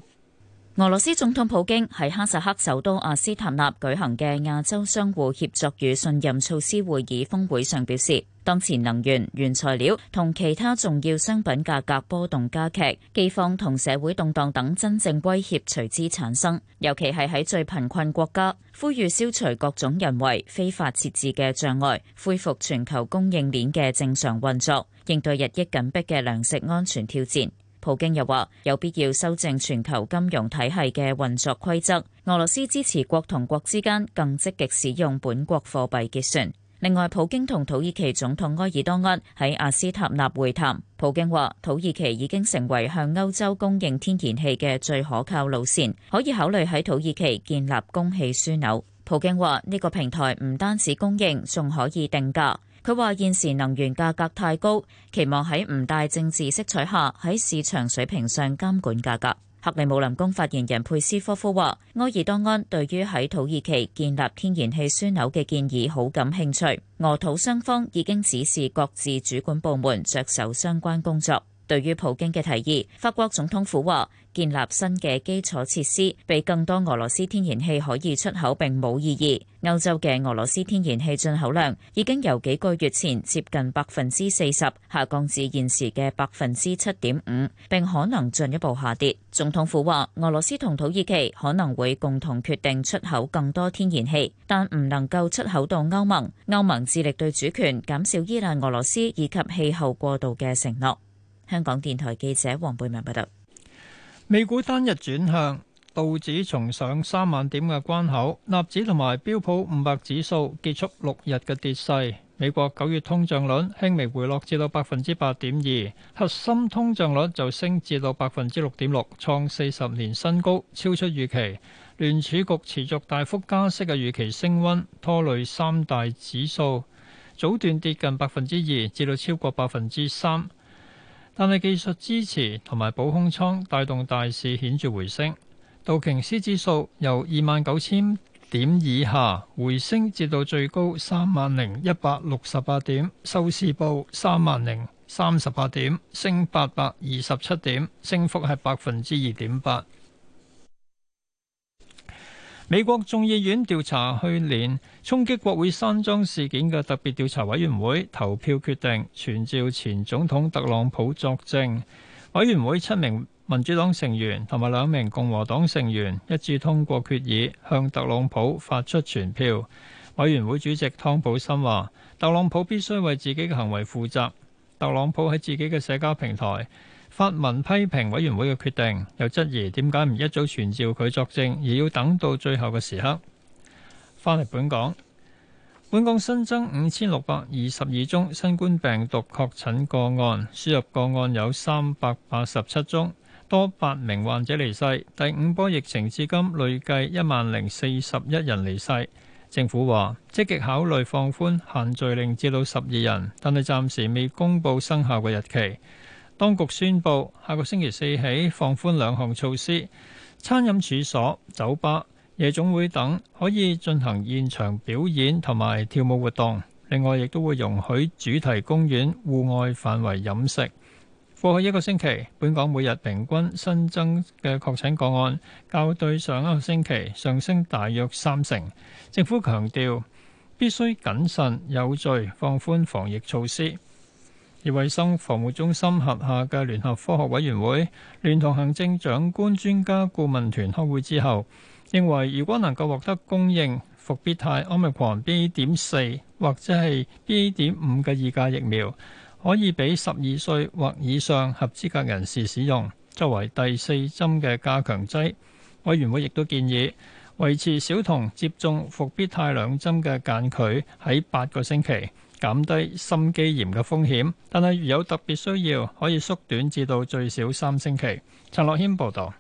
[SPEAKER 13] 俄羅斯總統普京喺哈薩克首都阿斯塔納舉行嘅亞洲相互協作與信任措施會議峰會上表示，當前能源、原材料同其他重要商品價格波動加劇，饑荒同社會動盪等真正威脅隨之產生，尤其係喺最貧困國家，呼籲消除各種人為非法設置嘅障礙，恢復全球供應鏈嘅正常運作，應對日益緊迫嘅糧食安全挑戰。普京又話有必要修正全球金融體系嘅運作規則。俄羅斯支持國同國之間更積極使用本國貨幣結算。另外，普京同土耳其總統埃爾多安喺阿斯塔納會談。普京話土耳其已經成為向歐洲供應天然氣嘅最可靠路線，可以考慮喺土耳其建立供氣樞紐。普京話呢、這個平台唔單止供應，仲可以定價。佢話現時能源價格太高，期望喺唔帶政治色彩下喺市場水平上監管價格。克里姆林宮發言人佩斯科夫話，埃爾多安對於喺土耳其建立天然氣樞紐嘅建議好感興趣，俄土雙方已經指示各自主管部門着手相關工作。對於普京嘅提議，法國總統府話。建立新嘅基礎設施，俾更多俄羅斯天然氣可以出口，並冇意義。歐洲嘅俄羅斯天然氣進口量已經由幾個月前接近百分之四十下降至現時嘅百分之七點五，並可能進一步下跌。總統府話，俄羅斯同土耳其可能會共同決定出口更多天然氣，但唔能夠出口到歐盟。歐盟致力對主權減少依賴俄羅斯以及氣候過度嘅承諾，香港電台記者黃貝文報道。
[SPEAKER 12] 美股單日轉向，道指重上三萬點嘅關口，納指同埋標普五百指數結束六日嘅跌勢。美國九月通脹率輕微回落至到百分之八點二，核心通脹率就升至到百分之六點六，創四十年新高，超出預期。聯儲局持續大幅加息嘅預期升溫，拖累三大指數早段跌近百分之二，至到超過百分之三。但係技術支持同埋補空倉帶動大市顯著回升，道瓊斯指數由二萬九千點以下回升至到最高三萬零一百六十八點，收市報三萬零三十八點，升八百二十七點，升幅係百分之二點八。美國眾議院調查去年衝擊國會山莊事件嘅特別調查委員會投票決定，傳召前總統特朗普作證。委員會七名民主黨成員同埋兩名共和黨成員一致通過決議，向特朗普發出傳票。委員會主席湯普森話：特朗普必須為自己嘅行為負責。特朗普喺自己嘅社交平台，發文批評委員會嘅決定，又質疑點解唔一早傳召佢作證，而要等到最後嘅時刻。返嚟本港，本港新增五千六百二十二宗新冠病毒確診個案，輸入個案有三百八十七宗，多八名患者離世。第五波疫情至今累計一萬零四十一人離世。政府話積極考慮放寬限聚令至到十二人，但係暫時未公布生效嘅日期。當局宣布，下個星期四起放寬兩項措施，餐飲處所、酒吧、夜總會等可以進行現場表演同埋跳舞活動。另外，亦都會容許主題公園戶外範圍飲食。過去一個星期，本港每日平均新增嘅確診個案較對上一個星期上升大約三成。政府強調必須謹慎有序放寬防疫措施。而衞生防護中心轄下嘅聯合科學委員會聯同行政長官專家顧問團開會之後，認為如果能夠獲得供應復必泰 Omicron B. 點四或者係 B. 點五嘅二價疫苗，可以俾十二歲或以上合資格人士使用作為第四針嘅加強劑。委員會亦都建議維持小童接種復必泰兩針嘅間距喺八個星期。減低心肌炎嘅風險，但係如有特別需要，可以縮短至
[SPEAKER 9] 到最少三星期。陳樂軒報導。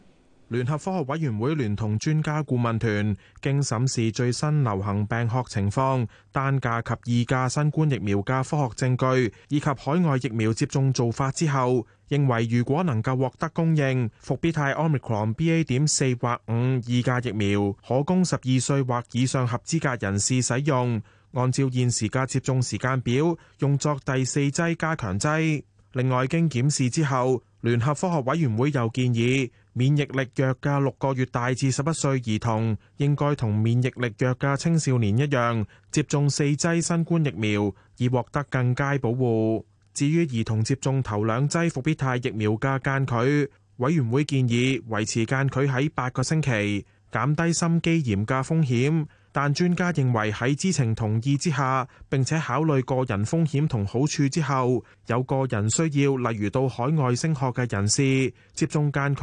[SPEAKER 9] 聯合科學委員會聯同專家顧問團經審視最新流行病學情況、單價及二價新冠疫苗嘅科學證據以及海外疫苗接種做法之後，認為如果能夠獲得供應，復必泰 omicron BA. 點四或五二價疫苗可供十二歲或以上合資格人士使用。按照現時嘅接種時間表，用作第四劑加強劑。另外，經檢視之後，聯合科學委員會又建議，免疫力弱嘅六個月大至十一歲兒童，應該同免疫力弱嘅青少年一樣，接種四劑新冠疫苗，以獲得更佳保護。至於兒童接種頭兩劑復必泰疫苗嘅間距，委員會建議維持間距喺八個星期，減低心肌炎嘅風險。但專家認為喺知情同意之下，並且考慮個人風險同好處之後，有個人需要，例如到海外升學嘅人士，接種間距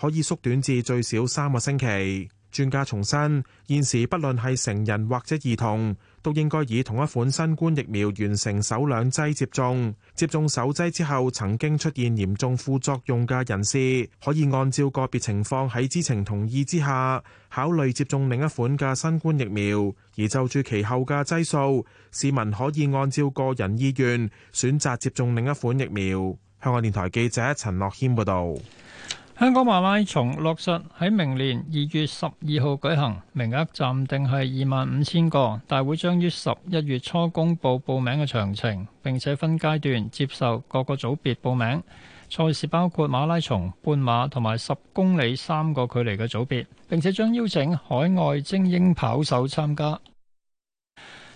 [SPEAKER 9] 可以縮短至最少三個星期。專家重申，現時不論係成人或者兒童，都應該以同一款新冠疫苗完成首兩劑接，接種。接種首劑之後，曾經出現嚴重副作用嘅人士，可以按照個別情況喺知情同意之下考慮接種另一款嘅新冠疫苗。而就住其後嘅劑數，市民可以按照個人意願選擇接種另一款疫苗。香港電台記者陳樂謙報道。
[SPEAKER 12] 香港馬拉松落實喺明年二月十二號舉行，名額暫定係二萬五千個。大會將於十一月初公佈報名嘅詳情，並且分階段接受各個組別報名。賽事包括馬拉松、半馬同埋十公里三個距離嘅組別，並且將邀請海外精英跑手參加。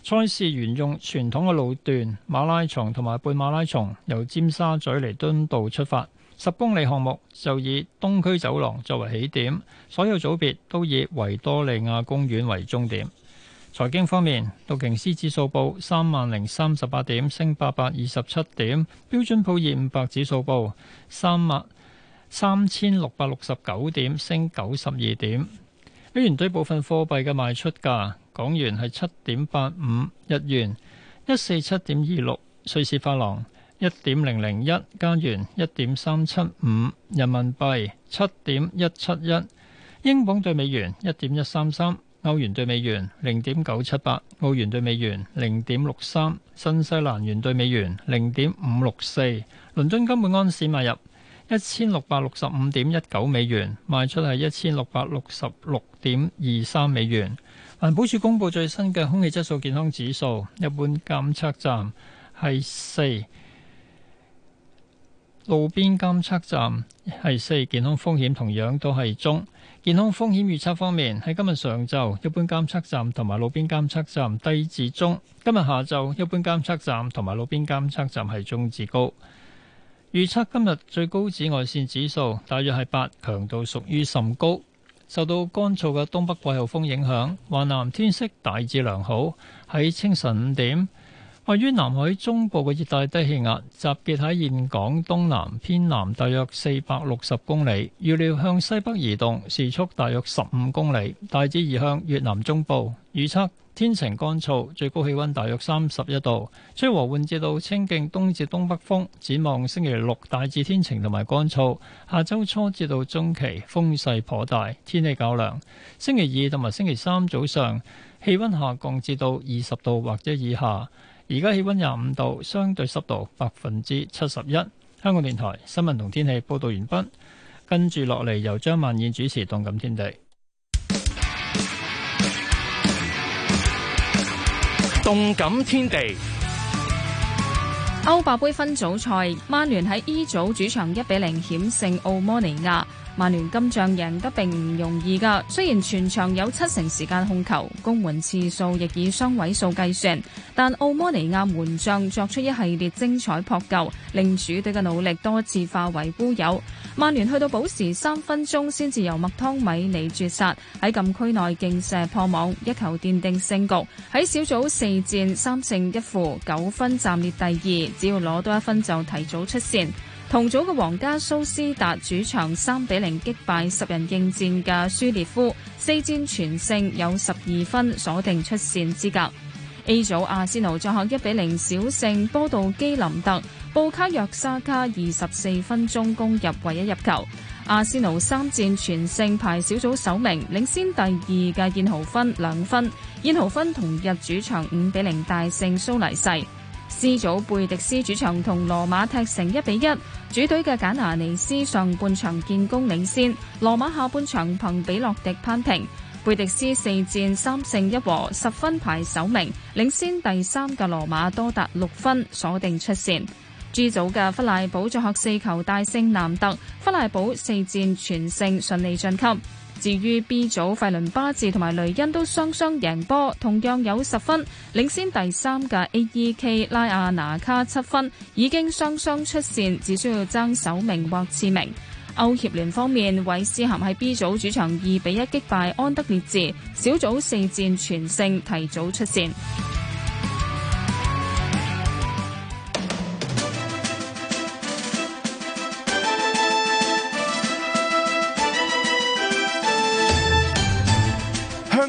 [SPEAKER 12] 賽事沿用傳統嘅路段，馬拉松同埋半馬拉松由尖沙咀彌敦道出發。十公里項目就以東區走廊作為起點，所有組別都以維多利亞公園為終點。財經方面，道瓊斯指數報三萬零三十八點，升八百二十七點；標準普爾五百指數報三千六百六十九點，升九十二點。美元對部分貨幣嘅賣出價，港元係七點八五，日元一四七點二六，瑞士法郎。一點零零一加元，一點三七五人民幣，七點一七一英鎊對美元，一點一三三歐元對美元，零點九七八澳元對美元，零點六三新西蘭元對美元，零點五六四。倫敦金本安士買入一千六百六十五點一九美元，賣出係一千六百六十六點二三美元。環保署公布最新嘅空氣質素健康指數，一般監測站係四。路邊監測站係四，健康風險，同樣都係中。健康風險預測方面，喺今日上晝，一般監測站同埋路邊監測站低至中；今日下晝，一般監測站同埋路邊監測站係中至高。預測今日最高紫外線指數大約係八，強度屬於甚高。受到乾燥嘅東北季候風影響，華南天色大致良好。喺清晨五點。位於南海中部嘅熱帶低氣壓集結喺現港東南偏南大約四百六十公里，預料向西北移動，時速大約十五公里，大致移向越南中部。預測天晴乾燥，最高氣溫大約三十一度，吹和緩至到清勁東至東北風。展望星期六大致天晴同埋乾燥，下周初至到中期風勢頗大，天氣較涼。星期二同埋星期三早上氣溫下降至到二十度或者以下。而家氣溫廿五度，相對濕度百分之七十一。香港電台新聞同天氣報道完畢，跟住落嚟由張曼燕主持《動感天地》。
[SPEAKER 14] 《動感天地》歐霸盃分組賽，曼聯喺 E 組主場一比零險勝奧摩尼亞。曼聯今仗贏得並唔容易㗎，雖然全場有七成時間控球，攻門次數亦以雙位數計算，但奧摩尼亞門將作出一系列精彩撲救，令主隊嘅努力多次化為烏有。曼聯去到補時三分鐘先至由麥湯米尼絕殺，喺禁區內勁射破網，一球奠定勝局。喺小組四戰三勝一負，九分暫列第二，只要攞多一分就提早出線。同組嘅皇家蘇斯達主場三比零擊敗十人應戰嘅舒列夫，四戰全勝，有十二分鎖定出線資格。A 組阿仙奴作客一比零小勝波道基林特。布卡約沙卡，二十四分鐘攻入唯一入球，阿仙奴三戰全勝排小組首名，領先第二嘅燕豪芬兩分。燕豪芬同日主場五比零大勝蘇黎世。C 組貝迪斯主場同羅馬踢成一比一，主隊嘅簡拿尼斯上半場建功領先，羅馬下半場憑比洛迪扳平。貝迪斯四戰三勝一和，十分排首名，領先第三嘅羅馬多達六分，鎖定出線。G 組嘅弗賴堡作客四球大勝南特，弗賴堡四戰全勝，順利晉級。至於 B 組費倫巴治同埋雷恩都雙雙贏波，同樣有十分，領先第三嘅 AEK 拉亞拿卡七分，已經雙雙出線，只需要爭首名或次名。歐協聯方面，韋斯咸喺 B 組主場二比一擊敗安德烈治，小組四戰全勝，提早出線。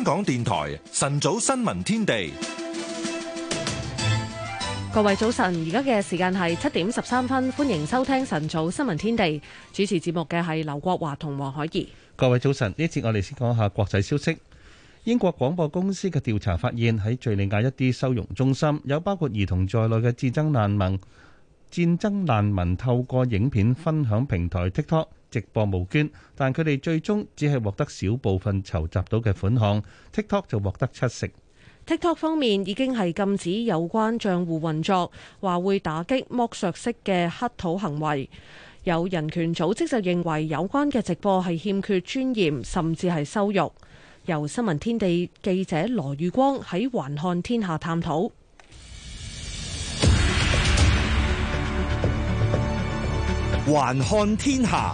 [SPEAKER 1] 港電台晨早新聞天地，
[SPEAKER 3] 各位早晨，而家嘅時間係七點十三分，歡迎收聽晨早新聞天地。主持節目嘅係劉國華同黃海怡。
[SPEAKER 4] 各位早晨，呢一節我哋先講下國際消息。英國廣播公司嘅調查發現，喺敘利亞一啲收容中心，有包括兒童在內嘅戰爭難民，戰爭難民透過影片分享平台 TikTok，直播募捐，但佢哋最終只係獲得少部分籌集到嘅款項。TikTok 就獲得七成。
[SPEAKER 3] TikTok 方面已經係禁止有關賬戶運作，話會打擊剝削式嘅乞討行為。有人權組織就認為有關嘅直播係欠缺尊嚴，甚至係羞辱。由新聞天地記者羅宇光喺《環看天下》探討
[SPEAKER 15] 《環看天下》。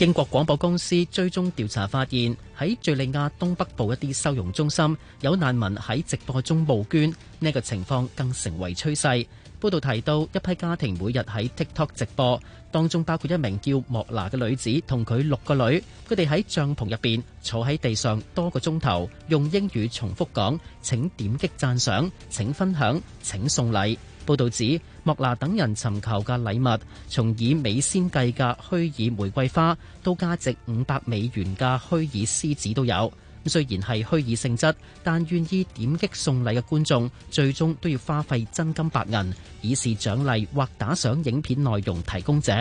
[SPEAKER 15] 英國廣播公司追蹤調查發現，喺敘利亞東北部一啲收容中心，有難民喺直播中募捐，呢個情況更成為趨勢。報道提到，一批家庭每日喺 TikTok 直播，當中包括一名叫莫娜嘅女子同佢六個女，佢哋喺帳篷入邊坐喺地上多個鐘頭，用英語重複講：請點擊讚賞，請分享，請送禮。報導指，莫娜等人尋求嘅禮物，從以美仙計嘅虛擬玫瑰花，到價值五百美元嘅虛擬獅子都有。咁雖然係虛擬性質，但願意點擊送禮嘅觀眾，最終都要花費真金白銀，以示獎勵或打賞影片內容提供者。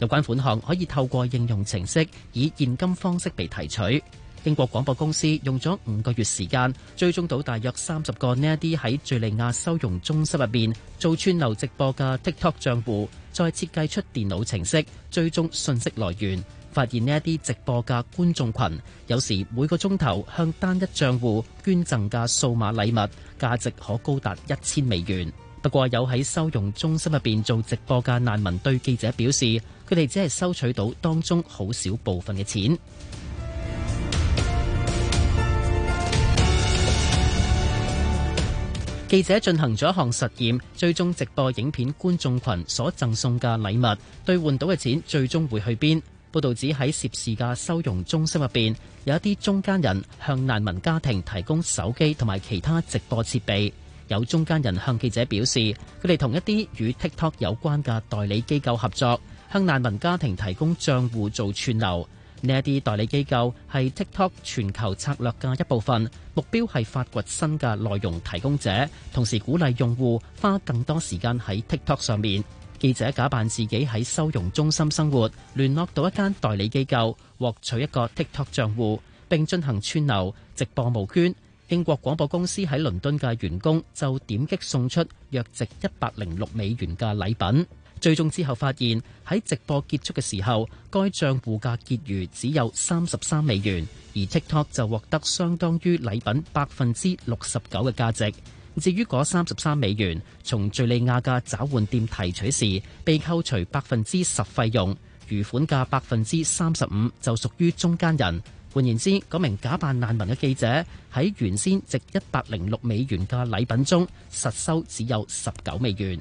[SPEAKER 15] 有關款項可以透過應用程式以現金方式被提取。英國廣播公司用咗五個月時間追蹤到大約三十個呢一啲喺敘利亞收容中心入邊做串流直播嘅 TikTok 賬戶，再設計出電腦程式追蹤信息來源，發現呢一啲直播嘅觀眾群有時每個鐘頭向單一賬戶捐贈嘅數碼禮物價值可高達一千美元。不過有喺收容中心入邊做直播嘅難民對記者表示，佢哋只係收取到當中好少部分嘅錢。記者進行咗一項實驗，追蹤直播影片觀眾群所贈送嘅禮物兌換到嘅錢，最終會去邊？報道指喺涉事嘅收容中心入邊，有一啲中間人向難民家庭提供手機同埋其他直播設備。有中間人向記者表示，佢哋同一啲與 TikTok 有關嘅代理機構合作，向難民家庭提供賬戶做串流。呢一啲代理機構係 TikTok 全球策略嘅一部分，目標係發掘新嘅內容提供者，同時鼓勵用戶花更多時間喺 TikTok 上面。記者假扮自己喺收容中心生活，聯絡到一間代理機構，獲取一個 TikTok 賬戶，並進行串流直播募捐。英國廣播公司喺倫敦嘅員工就點擊送出約值一百零六美元嘅禮品。最終之後發現，喺直播結束嘅時候，該賬戶價結餘只有三十三美元，而 TikTok 就獲得相當於禮品百分之六十九嘅價值。至於嗰三十三美元，從敍利亞嘅找換店提取時，被扣除百分之十費用，餘款價百分之三十五就屬於中間人。換言之，嗰名假扮難民嘅記者，喺原先值一百零六美元嘅禮品中，實收只有十九美元。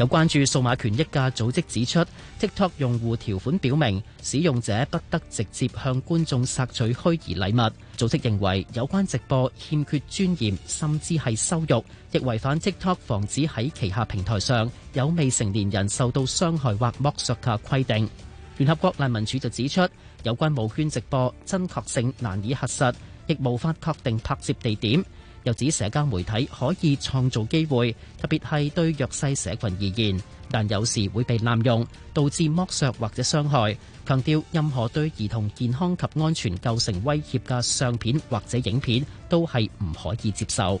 [SPEAKER 15] 有關注數碼權益嘅組織指出，TikTok 用戶條款表明使用者不得直接向觀眾索取虛擬禮物。組織認為有關直播欠缺尊嚴，甚至係羞辱，亦違反 TikTok 防止喺旗下平台上有未成年人受到傷害或剝削嘅規定。聯合國難民署就指出，有關募捐直播真確性難以核實，亦無法確定拍攝地點。又指社交媒體可以創造機會，特別係對弱勢社羣而言，但有時會被濫用，導致剝削或者傷害。強調任何對兒童健康及安全構成威脅嘅相片或者影片都係唔可以接受。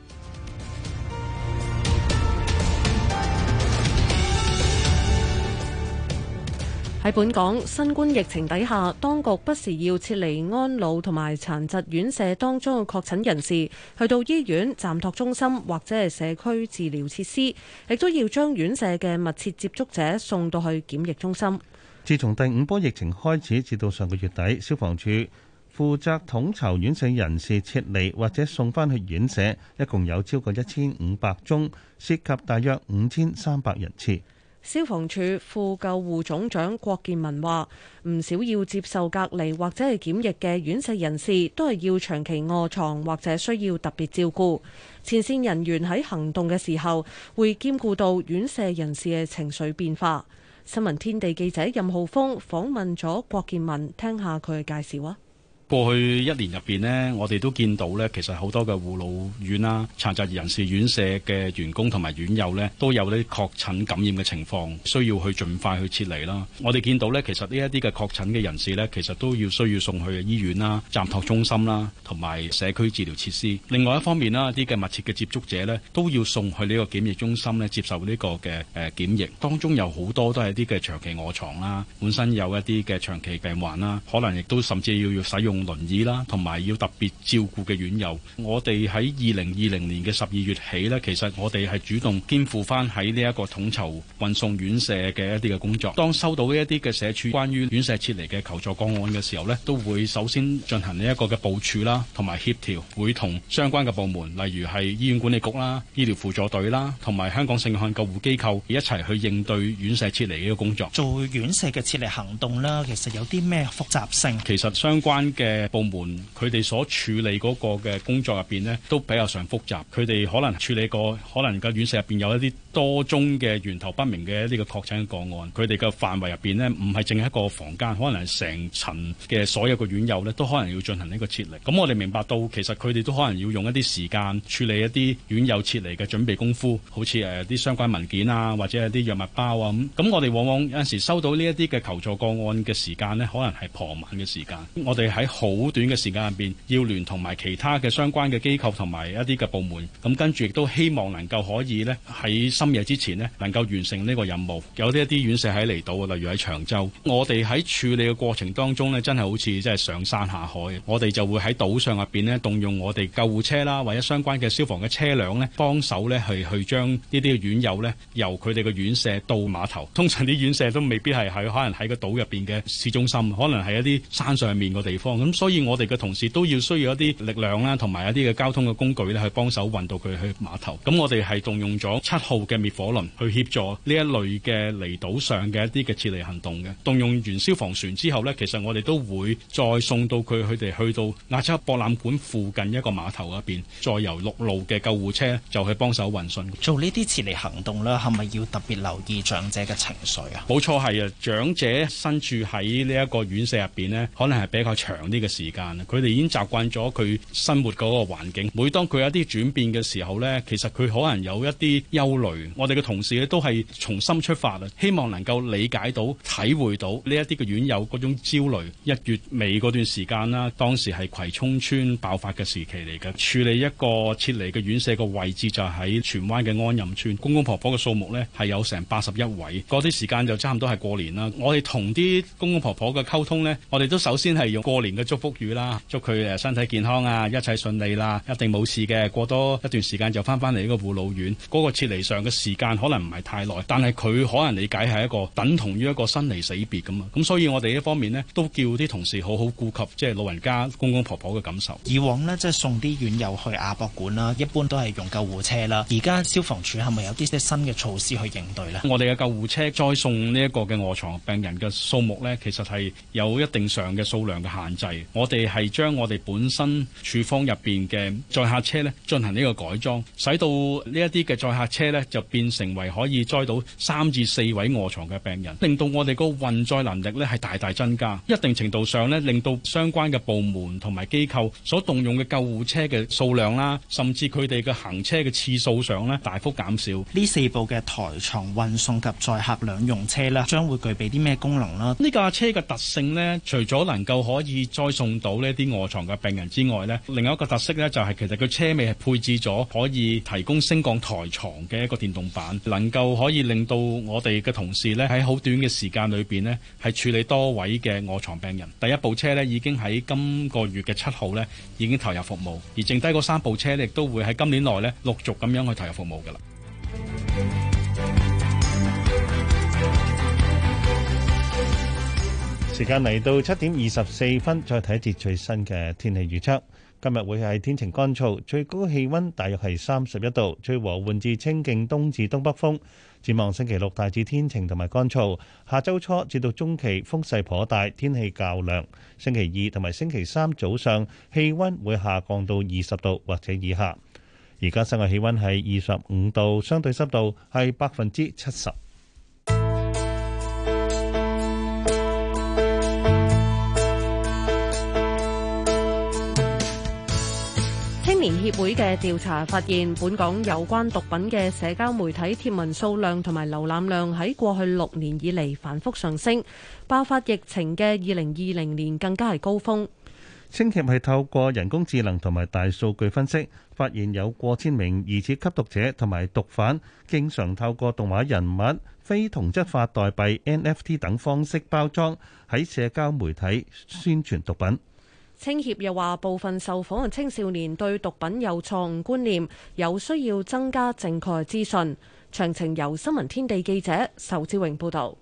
[SPEAKER 3] 喺本港新冠疫情底下，當局不時要撤離安老同埋殘疾院舍當中嘅確診人士，去到醫院暫託中心或者係社區治療設施，亦都要將院舍嘅密切接觸者
[SPEAKER 4] 送到去檢疫中心。自從第五波疫情開始至到上個月底，消防處負責統籌院舍人士撤離或者送翻去院舍，一共有超過一千五百宗，涉及大約五千三百人次。
[SPEAKER 3] 消防處副救護總長郭建文話：唔少要接受隔離或者係檢疫嘅院舍人士，都係要長期卧床或者需要特別照顧。前線人員喺行動嘅時候，會兼顧到院舍人士嘅情緒變化。新聞天地記者任浩峰訪問咗郭建文，聽下佢嘅介紹啊。
[SPEAKER 5] 過去一年入邊呢，我哋都見到呢，其實好多嘅護老院啦、啊、殘疾人士院舍嘅員工同埋院友呢，都有啲確診感染嘅情況，需要去盡快去撤離啦。我哋見到呢，其實呢一啲嘅確診嘅人士呢，其實都要需要送去醫院啦、啊、暫托中心啦、啊，同埋社區治療設施。另外一方面啦、啊，啲嘅密切嘅接觸者呢，都要送去呢個檢疫中心呢，接受呢個嘅誒檢疫。當中有好多都係啲嘅長期臥床啦、啊，本身有一啲嘅長期病患啦、啊，可能亦都甚至要要使用。輪椅啦，同埋要特別照顧嘅院友，我哋喺二零二零年嘅十二月起呢，其實我哋係主動肩負翻喺呢一個統籌運送院舍嘅一啲嘅工作。當收到呢一啲嘅社署關於院舍撤離嘅求助個案嘅時候呢，都會首先進行呢一個嘅部署啦，同埋協調，會同相關嘅部門，例如係醫院管理局啦、醫療輔助隊啦，同埋香港聖約翰救護機構一齊去應對院舍撤離呢個工作。做院舍嘅撤離行動啦，其實有啲咩複雜性？其實相關嘅。嘅部門佢哋所處理嗰個嘅工作入邊咧，都比較上複雜。佢哋可能處理過可能個院舍入邊有一啲。多宗嘅源頭不明嘅呢個確診嘅個案，佢哋嘅範圍入邊呢，唔係淨係一個房間，可能係成層嘅所有個院友呢，都可能要進行呢個撤離。咁我哋明白到，其實佢哋都可能要用一啲時間處理一啲院友撤離嘅準備功夫，好似誒啲相關文件啊，或者係啲藥物包啊咁。咁我哋往往有陣時收到呢一啲嘅求助個案嘅時間呢，可能係傍晚嘅時間。我哋喺好短嘅時間入邊，要聯同埋其他嘅相關嘅機構同埋一啲嘅部門，咁跟住亦都希望能夠可以呢，喺深夜之前呢，能夠完成呢個任務，有啲一啲院舍喺離島，例如喺長洲。我哋喺處理嘅過程當中呢，真係好似即係上山下海。我哋就會喺島上入邊呢，動用我哋救護車啦，或者相關嘅消防嘅車輛呢，幫手呢，係去將呢啲院友呢，由佢哋嘅院舍到碼頭。通常啲院舍都未必係喺可能喺個島入邊嘅市中心，可能係一啲山上面嘅地方。咁所以我哋嘅同事都要需要一啲力量啦，同埋一啲嘅交通嘅工具呢，去幫手運到佢去碼頭。咁我哋係動用咗七號。嘅滅火輪去協助呢一類嘅離島上嘅一啲嘅撤離行動嘅，動用完消防船之後呢，其實我哋都會再送到佢佢哋去到亞洲博覽館附近一個碼頭嗰邊，再由陸路嘅救護車就去幫手運送。做呢啲撤離行動呢，係咪要特別留意長者嘅情緒啊？冇錯，係啊，長者身處喺呢一個院舍入邊呢，可能係比較長啲嘅時間，佢哋已經習慣咗佢生活嗰個環境，每當佢有啲轉變嘅時候呢，其實佢可能有一啲憂慮。我哋嘅同事咧都係從心出發啊，希望能夠理解到、體會到呢一啲嘅院友嗰種焦慮。一月尾嗰段時間啦，當時係葵涌村爆發嘅時期嚟嘅，處理一個撤離嘅院舍嘅位置就喺荃灣嘅安蔭村，公公婆婆嘅數目呢係有成八十一位。嗰啲時間就差唔多係過年啦。我哋同啲公公婆婆嘅溝通呢，我哋都首先係用過年嘅祝福語啦，祝佢誒身體健康啊，一切順利啦，一定冇事嘅。過多一段時間就翻翻嚟呢個護老院。嗰個撤離上嘅。時間可能唔係太耐，但係佢可能理解係一個等同於一個生離死別咁嘛。咁所以我哋呢方面呢，都叫啲同事好好顧及即係老人家公公婆婆嘅感受。以往呢，即係送啲院友去亞博館啦，一般都係用救
[SPEAKER 10] 護車啦。而家消防處係咪有啲新嘅措施去應對呢？
[SPEAKER 5] 我哋嘅救護車再送呢一個嘅臥床病人嘅數目呢，其實係有一定上嘅數量嘅限制。我哋係將我哋本身處方入邊嘅載客車呢，進行呢個改裝，使到呢一啲嘅載客車呢，就變成為可以載到三至四位臥床嘅病人，令到我哋個運載能力呢係大大增加，一定程度上呢，令到相關嘅部門同埋機構所動用嘅救護車嘅數量啦，甚至佢哋嘅行車嘅次數上呢大幅減少。呢四部嘅台床運送及載客兩用車呢，將會具備啲咩功能啦？呢架車嘅特性呢，除咗能夠可以載送到呢啲臥床嘅病人之外呢，另外一個特色呢，就係、是、其實佢車尾係配置咗可以提供升降台床嘅一個電動能夠可以令到我哋嘅同事呢，喺好短嘅時間裏邊呢，係處理多位嘅臥床病人。第一部車呢，已經喺今個月嘅七號呢，已經投入服務，而剩低嗰三部車亦都會喺今年內呢，陸續咁樣去投入服務噶啦。
[SPEAKER 4] 時間嚟到七點二十四分，再睇一節最新嘅天氣預測。今日會係天晴乾燥，最高氣温大約係三十一度，吹和緩至清勁東至東北風。展望星期六大致天晴同埋乾燥，下週初至到中期風勢頗大，天氣較涼。星期二同埋星期三早上氣温會下降到二十度或者以下。而家室外氣温係二十五度，相對濕度係百分之七十。
[SPEAKER 3] 今年協會嘅調查發現，本港有關毒品嘅社交媒體貼文數量同埋瀏覽量喺過去六年以嚟，反覆上升，爆發疫情嘅二零二零年更加係高峰。
[SPEAKER 4] 清協係透過人工智能同埋大數據分析，發現有過千名疑似吸毒者同埋毒販，經常透過動畫人物、非同質化代幣 （NFT） 等方式包裝喺社交媒體宣傳毒品。
[SPEAKER 3] 青協又話，部分受訪嘅青少年對毒品有錯誤觀念，有需要增加正確資訊。詳情由新聞天地記者仇志榮報導。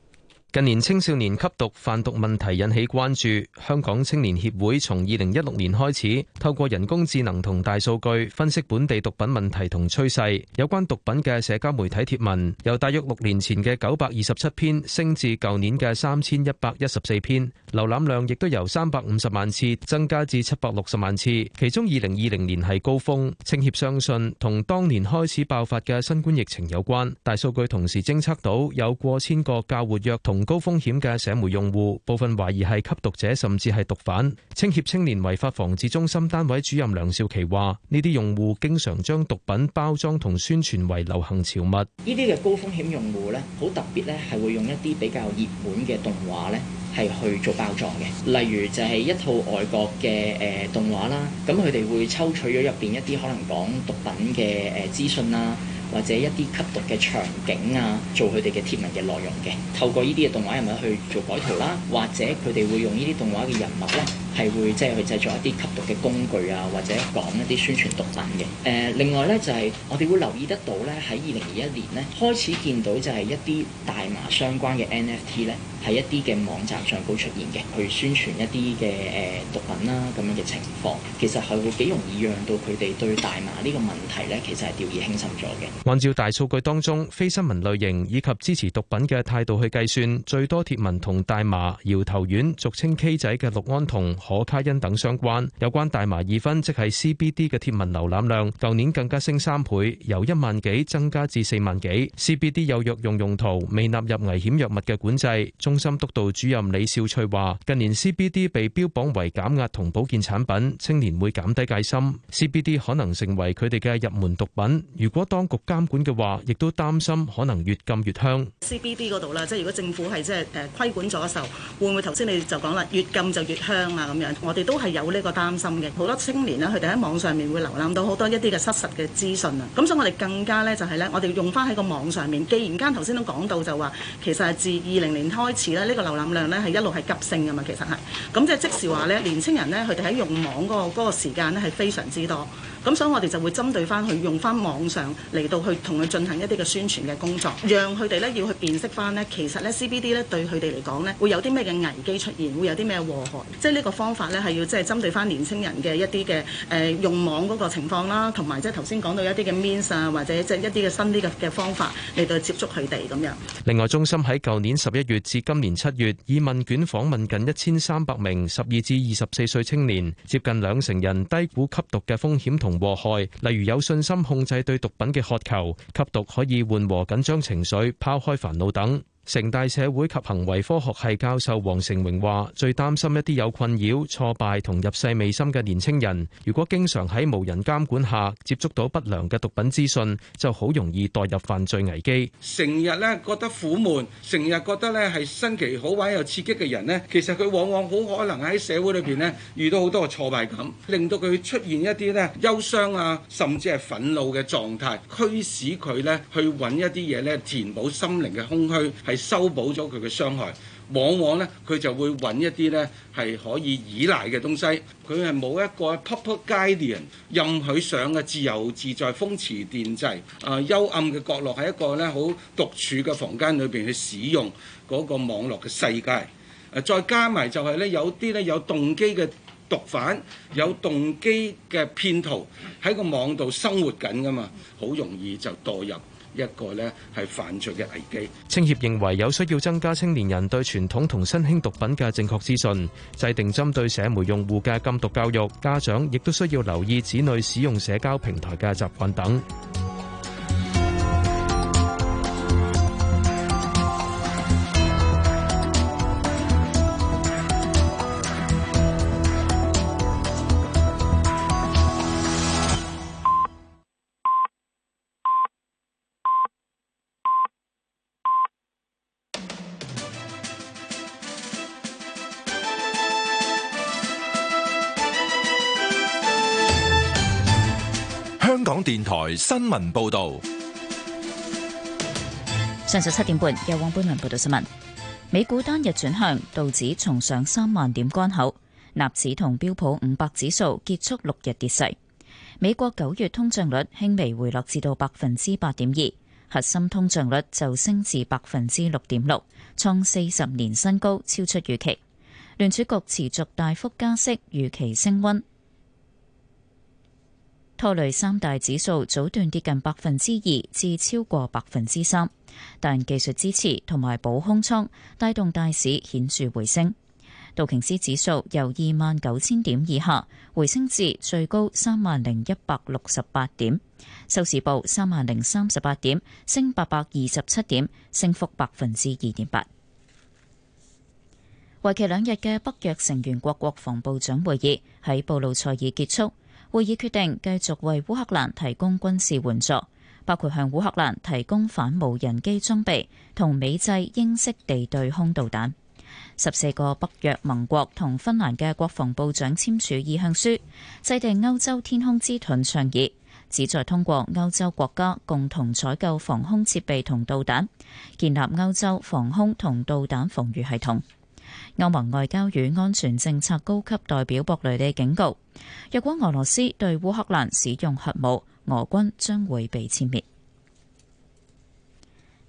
[SPEAKER 8] 近年青少年吸毒販毒問題引起關注，香港青年協會從二零一六年開始透過人工智能同大數據分析本地毒品問題同趨勢。有關毒品嘅社交媒體貼文由大約六年前嘅九百二十七篇升至舊年嘅三千一百一十四篇，瀏覽量亦都由三百五十萬次增加至七百六十萬次，其中二零二零年係高峰。青協相信同當年開始爆發嘅新冠疫情有關。大數據同時偵測到有過千個較活躍同高風險嘅社媒用戶，部分懷疑係吸毒者，甚至係毒販。青協青年違法防治中心單位主任梁少琪話：呢啲用戶經常將毒品包裝同宣傳為流行潮物。
[SPEAKER 10] 呢啲嘅高風險用戶咧，好特別咧，係會用一啲
[SPEAKER 15] 比較熱門嘅動畫咧，係去
[SPEAKER 8] 做包裝嘅。例如就係一套外國
[SPEAKER 15] 嘅誒動畫啦，咁佢哋會抽取咗入邊一啲可能講毒品嘅誒資訊啦。或者一啲吸毒嘅場景啊，做佢哋嘅貼文嘅內容嘅。透過呢啲嘅動畫人物去做改圖啦、啊，或者佢哋會用呢啲動畫嘅人物嘅。係會即係去製作一啲吸毒嘅工具啊，或者講一啲宣傳毒品嘅。誒、呃，另外呢，就係、是、我哋會留意得到呢喺二零二一年呢，開始見到就係一啲大麻相關嘅 NFT 咧，喺一啲嘅網站上高出現嘅，去宣傳一啲嘅誒毒品啦咁樣嘅情況。其實係會幾容易讓到佢哋對大麻呢個問題呢，其實係掉以
[SPEAKER 8] 輕心咗嘅。按照大數據當中非新聞類型以及支持毒品嘅態度去計算，最多貼文同大麻搖頭丸，俗稱 K 仔嘅氯胺酮。可卡因等相關有關大麻二酚，即係 C B D 嘅貼文瀏覽量，舊年更加升三倍，由一萬幾增加至四萬幾。C B D 有藥用用途，未納入危險藥物嘅管制。中心督導主任李少翠話：近年 C B D 被標榜為減壓同保健產品，青年會減低戒心，C B D 可能成為佢哋嘅入門毒品。如果當局監管嘅話，亦都擔心可能越禁越香。C B D 嗰
[SPEAKER 6] 度啦，即係如果政府係即係誒規管咗嘅時候，會唔會頭先你就講啦，越禁就越香啊？咁樣，我哋都係有呢個擔心嘅。好多青年呢，佢哋喺網上面會瀏覽到好多一啲嘅失實嘅資訊啊。咁所以，我哋更加呢，就係呢，我哋用翻喺個網上面。既然間頭先都講到就話，其實係自二零年開始呢，呢個瀏覽量呢係一路係急升嘅嘛。其實係，咁即係即是話呢，年青人呢，佢哋喺用網嗰個嗰個時間呢係非常之多。咁、嗯、所以，我哋就會針對翻佢，用翻網上嚟到去同佢進行一啲嘅宣傳嘅工作，讓佢哋咧要去辨識翻呢。其實咧 CBD 咧對佢哋嚟講呢，會有啲咩嘅危機出現，會有啲咩禍害，即係呢個方法呢，係要即係針對翻年青人嘅一啲嘅誒用網嗰個情況啦，同埋即係頭先講到一啲嘅 means 啊，或者即係一啲嘅新啲嘅嘅方法嚟到接觸佢哋咁樣。
[SPEAKER 8] 另外，中心喺舊年十一月至今年七月，以問卷訪問近一千三百名十二至二十四歲青年，接近兩成人低估吸毒嘅風險同同禍害，例如有信心控制對毒品嘅渴求，吸毒可以緩和緊張情緒、拋開煩惱等。城大社會及行為科學系教授黃成榮話：最擔心一啲有困擾、挫敗同入世未深嘅年青人，如果經常喺無人監管下接觸到不良嘅毒品資訊，就好容易墮入犯罪危機。
[SPEAKER 5] 成日咧覺得苦悶，成日覺得咧係新奇、好玩又刺激嘅人咧，其實佢往往好可能喺社會裏邊咧遇到好多嘅挫敗感，令到佢出現一啲咧憂傷啊，甚至係憤怒嘅狀態，驅使佢咧去揾一啲嘢呢填補心靈嘅空虛。修補咗佢嘅傷害，往往呢，佢就會揾一啲呢係可以依賴嘅東西，佢係冇一個 proper guardian 任佢上嘅自由自在、風馳電掣啊、呃，幽暗嘅角落喺一個呢好獨處嘅房間裏邊去使用嗰個網絡嘅世界，呃、再加埋就係呢，有啲呢有動機嘅毒販，有動機嘅騙徒喺個網度生活緊噶嘛，好容易就墮入。一個呢係犯罪嘅危機。
[SPEAKER 8] 青協認為有需要增加青年人對傳統同新興毒品嘅正確資訊，制定針對社媒用戶嘅禁毒教育。家長亦都需要留意子女使用社交平台嘅習慣等。
[SPEAKER 1] 新聞報道：
[SPEAKER 13] 上晝七點半，有汪本文報道新聞。美股單日轉向，道指重上三萬點關口，納指同標普五百指數結束六日跌勢。美國九月通脹率輕微回落至到百分之八點二，核心通脹率就升至百分之六點六，創四十年新高，超出預期。聯儲局持續大幅加息，預期升溫。拖累三大指數早段跌近百分之二至超過百分之三，但技術支持同埋補空倉帶動大市顯著回升。道瓊斯指數由二萬九千點以下回升至最高三萬零一百六十八點，收市報三萬零三十八點，升八百二十七點，升幅百分之二點八。為期兩日嘅北約成員國國防部長會議喺布魯塞爾結束。會議決定繼續為烏克蘭提供軍事援助，包括向烏克蘭提供反無人機裝備同美製英式地對空導彈。十四個北約盟國同芬蘭嘅國防部長簽署意向書，制定歐洲天空之盾倡議，旨在通過歐洲國家共同採購防空設備同導彈，建立歐洲防空同導彈防禦系統。歐盟外交與安全政策高級代表博雷利警告：若果俄羅斯對烏克蘭使用核武，俄軍將會被殲滅。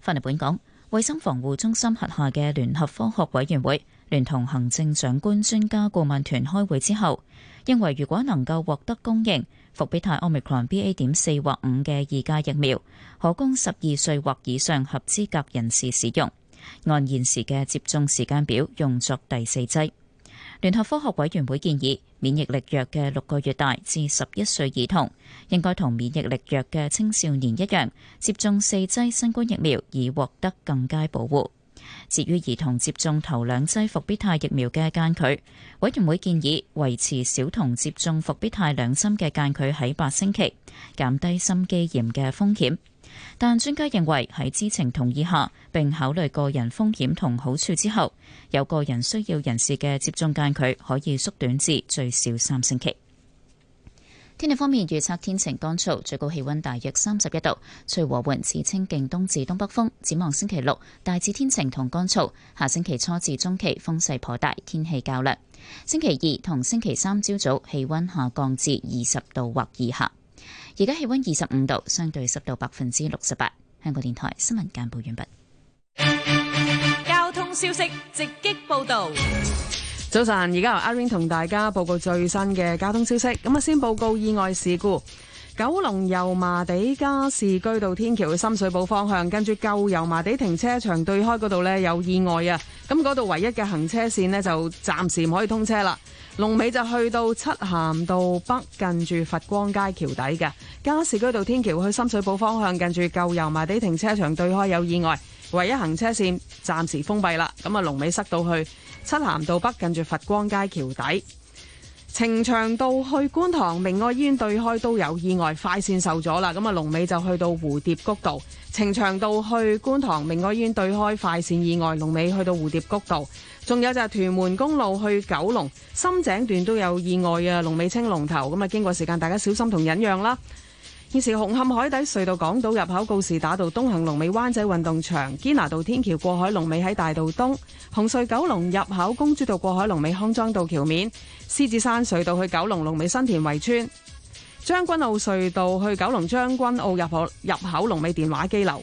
[SPEAKER 13] 翻嚟本港，衛生防護中心轄下嘅聯合科學委員會，聯同行政長官專家顧問團開會之後，認為如果能夠獲得供應，伏比泰奧密克 ron BA. 點四或五嘅二價疫苗，可供十二歲或以上合資格人士使用，按現時嘅接種時間表用作第四劑。聯合科學委員會建議，免疫力弱嘅六個月大至十一歲兒童，應該同免疫力弱嘅青少年一樣，接種四劑新冠疫苗，以獲得更佳保護。至於兒童接種頭兩劑復必泰疫苗嘅間距，委員會建議維持小童接種復必泰兩針嘅間距喺八星期，減低心肌炎嘅風險。但專家認為喺知情同意下，並考慮個人風險同好處之後，有個人需要人士嘅接種間距可以縮短至最少三星期。天氣方面，預測天晴乾燥，最高氣温大約三十一度，吹和緩至清勁，東至東北風。展望星期六大致天晴同乾燥，下星期初至中期風勢頗大，天氣較涼。星期二同星期三朝早，早氣温下降至二十度或以下。而家氣溫二十五度，相對濕度百分之六十八。香港電台新聞簡報完畢。
[SPEAKER 6] 交通
[SPEAKER 11] 消息直擊報道。
[SPEAKER 13] 早晨，而家由阿 Win 同大家報告最新
[SPEAKER 11] 嘅交通消息。咁啊，先報告意外事故。九龍油麻地加士居道天橋嘅深水埗方向，跟住舊油麻地停車場對開嗰度呢，有意外啊！咁嗰度唯一嘅行車綫呢，就暫時唔可以通車啦。龍尾就去到漆咸道北近住佛光街橋底嘅加士居道天橋去深水埗方向，近住舊油麻地停車場對開有意外，唯一行車線暫時封閉啦。咁啊，龍尾塞到去漆咸道北近住佛光街橋底。呈祥道去觀塘明愛醫院對開都有意外，快線受阻啦。咁啊龍尾就去到蝴蝶谷道。呈祥道去觀塘明愛醫院對開快線意外，龍尾去到蝴蝶谷道。仲有就係屯門公路去九龍深井段都有意外嘅，龍尾青龍頭。咁啊，經過時間大家小心同忍讓啦。現時紅磡海底隧道港島入口告士打道東行，龍尾灣仔運動場堅拿道天橋，過海龍尾喺大道東。紅隧九龍入口公主道過海，龍尾康莊道橋面。獅子山隧道去九龍，龍尾新田圍村。將軍澳隧道去九龍，將軍澳入口入口龍尾電話機樓。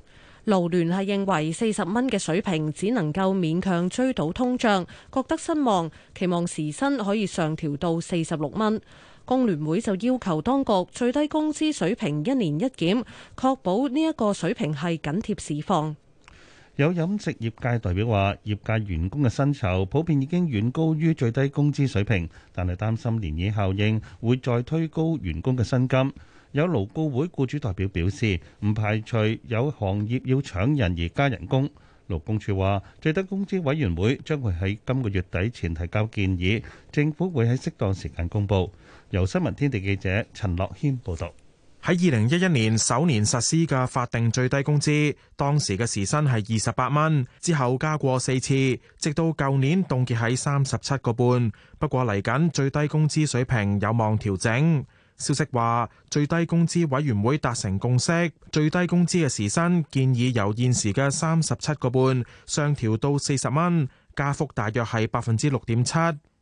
[SPEAKER 3] 勞聯係認為四十蚊嘅水平只能夠勉強追到通脹，覺得失望，期望時薪可以上調到四十六蚊。工聯會就要求當局最低工資水平一年一檢，確保呢一個水平係緊貼市況。
[SPEAKER 4] 有飲食業界代表話，業界員工嘅薪酬普遍已經遠高於最低工資水平，但係擔心漣漪效應會再推高員工嘅薪金。有勞顧會僱主代表表示，唔排除有行業要搶人而加人工。勞工處話，最低工資委員會將會喺今個月底前提交建議，政府會喺適當時間公布。由新聞天地記者陳樂謙報道。
[SPEAKER 9] 喺二零一一年首年實施嘅法定最低工資，當時嘅時薪係二十八蚊，之後加過四次，直到舊年凍結喺三十七個半。不過嚟緊最低工資水平有望調整。消息話，最低工資委員會達成共識，最低工資嘅時薪建議由現時嘅三十七個半上調到四十蚊，加幅大約係百分之六點七。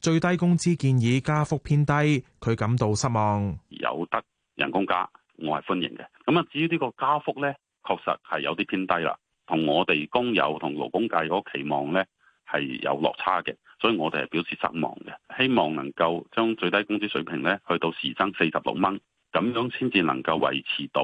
[SPEAKER 9] 最低工資建議加幅偏低，佢感到失望。
[SPEAKER 7] 有得人工加，我係歡迎嘅。咁啊，至於呢個加幅咧，確實係有啲偏低啦，同我哋工友同勞工界嗰期望咧係有落差嘅，所以我哋係表示失望嘅。希望能夠將最低工資水平咧去到時薪四十六蚊，咁樣先至能夠維持到，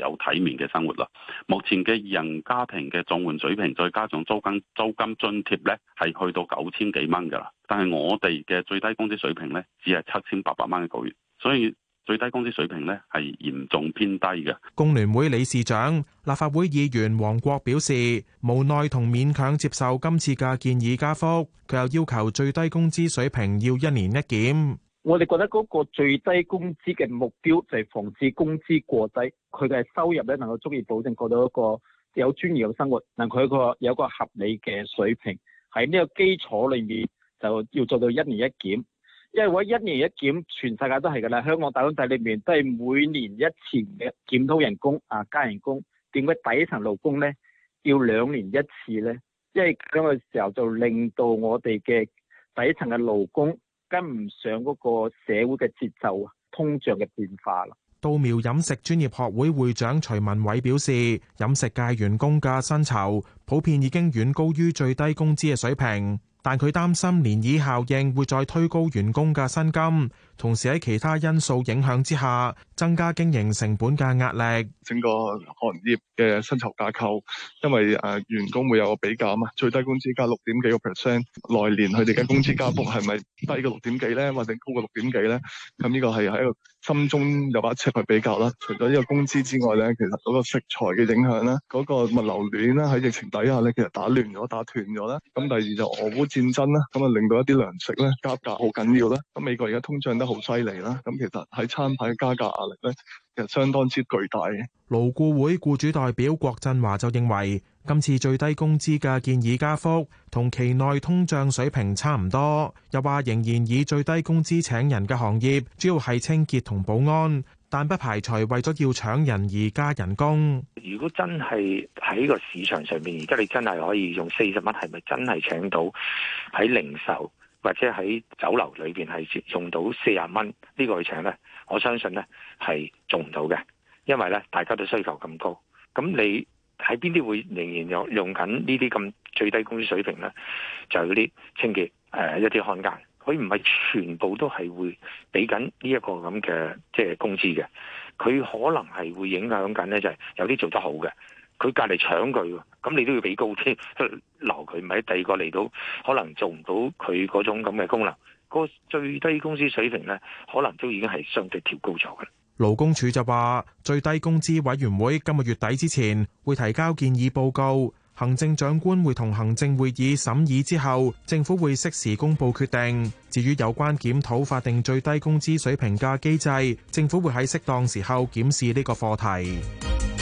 [SPEAKER 7] 有體面嘅生活啦。目前嘅二人家庭嘅綜援水平，再加上租金租金津貼咧，係去到九千幾蚊噶啦。但係我哋嘅最低工資水平咧，只係七千八百蚊一個月，所以最低工資水平咧係嚴重偏低嘅。
[SPEAKER 9] 工聯會理事長、立法會議員黃國表示，無奈同勉強接受今次嘅建議加幅，佢又要求最低工資水平要一年一檢。
[SPEAKER 5] 我哋覺得嗰個最低工資嘅目標就係防止工資過低，佢嘅收入咧能夠足以保證過到一個有專業嘅生活，能佢個有一個合理嘅水平。喺呢個基礎裏面，就要做到一年一檢，因為我一年一檢全世界都係㗎啦，香港大經仔裏面都係每年一次嘅檢討人工啊加人工，點解第一層勞工咧要兩年一次咧？因為咁嘅時候就令到我哋嘅第一層嘅勞工。
[SPEAKER 10] 跟唔上嗰個社會嘅節奏啊，通脹嘅變化啦。
[SPEAKER 9] 稻苗飲食專業學會會長徐文偉表示，飲食界員工嘅薪酬普遍已經遠高於最低工資嘅水平，但佢擔心漣漪效應會再推高員工嘅薪金。同時喺其他因素影響之下，增加經營成本嘅壓力，
[SPEAKER 16] 整個行業嘅薪酬架構，因為誒員工會有個比較啊嘛，最低工資加六點幾個 percent，來年佢哋嘅工資加幅係咪低過六點幾咧，或者高過六點幾咧？咁呢個係喺個心中有把尺去比較啦。除咗呢個工資之外咧，其實嗰個食材嘅影響咧，嗰個物流鏈啦喺疫情底下咧，其實打亂咗、打斷咗啦。咁第二就俄烏戰爭啦，咁啊令到一啲糧食咧價格好緊要啦。咁美國而家通脹得～好犀利啦！咁其實喺餐牌加價壓力咧，就相當之巨大嘅。
[SPEAKER 9] 勞顧會僱主代表郭振華就認為今次最低工資嘅建議加幅同期內通脹水平差唔多。又話仍然以最低工資請人嘅行業主要係清潔同保安，但不排除為咗要搶人而加人工。
[SPEAKER 7] 如果真係喺個市場上面，而家你真係可以用四十蚊，係咪真係請到喺零售？或者喺酒樓裏邊係用到四十蚊呢個去請呢，我相信呢係做唔到嘅，因為呢大家都需求咁高，咁你喺邊啲會仍然有用緊呢啲咁最低工資水平呢？就係嗰啲清潔誒、呃、一啲看更，可以唔係全部都係會俾緊呢一個咁嘅即係工資嘅，佢可能係會影響緊呢，就係有啲做得好嘅。佢隔離搶佢喎，咁你都要俾高啲留佢，唔喺第二個嚟到，可能做唔到佢嗰種咁嘅功能。個最低工資水平呢，可能都已經係相對調高咗嘅。
[SPEAKER 9] 勞工處就話，最低工資委員會今個月底之前會提交建議報告，行政長官會同行政會議審議之後，政府會適時公佈決定。至於有關檢討法定最低工資水平嘅機制，政府會喺適當時候檢視呢個課題。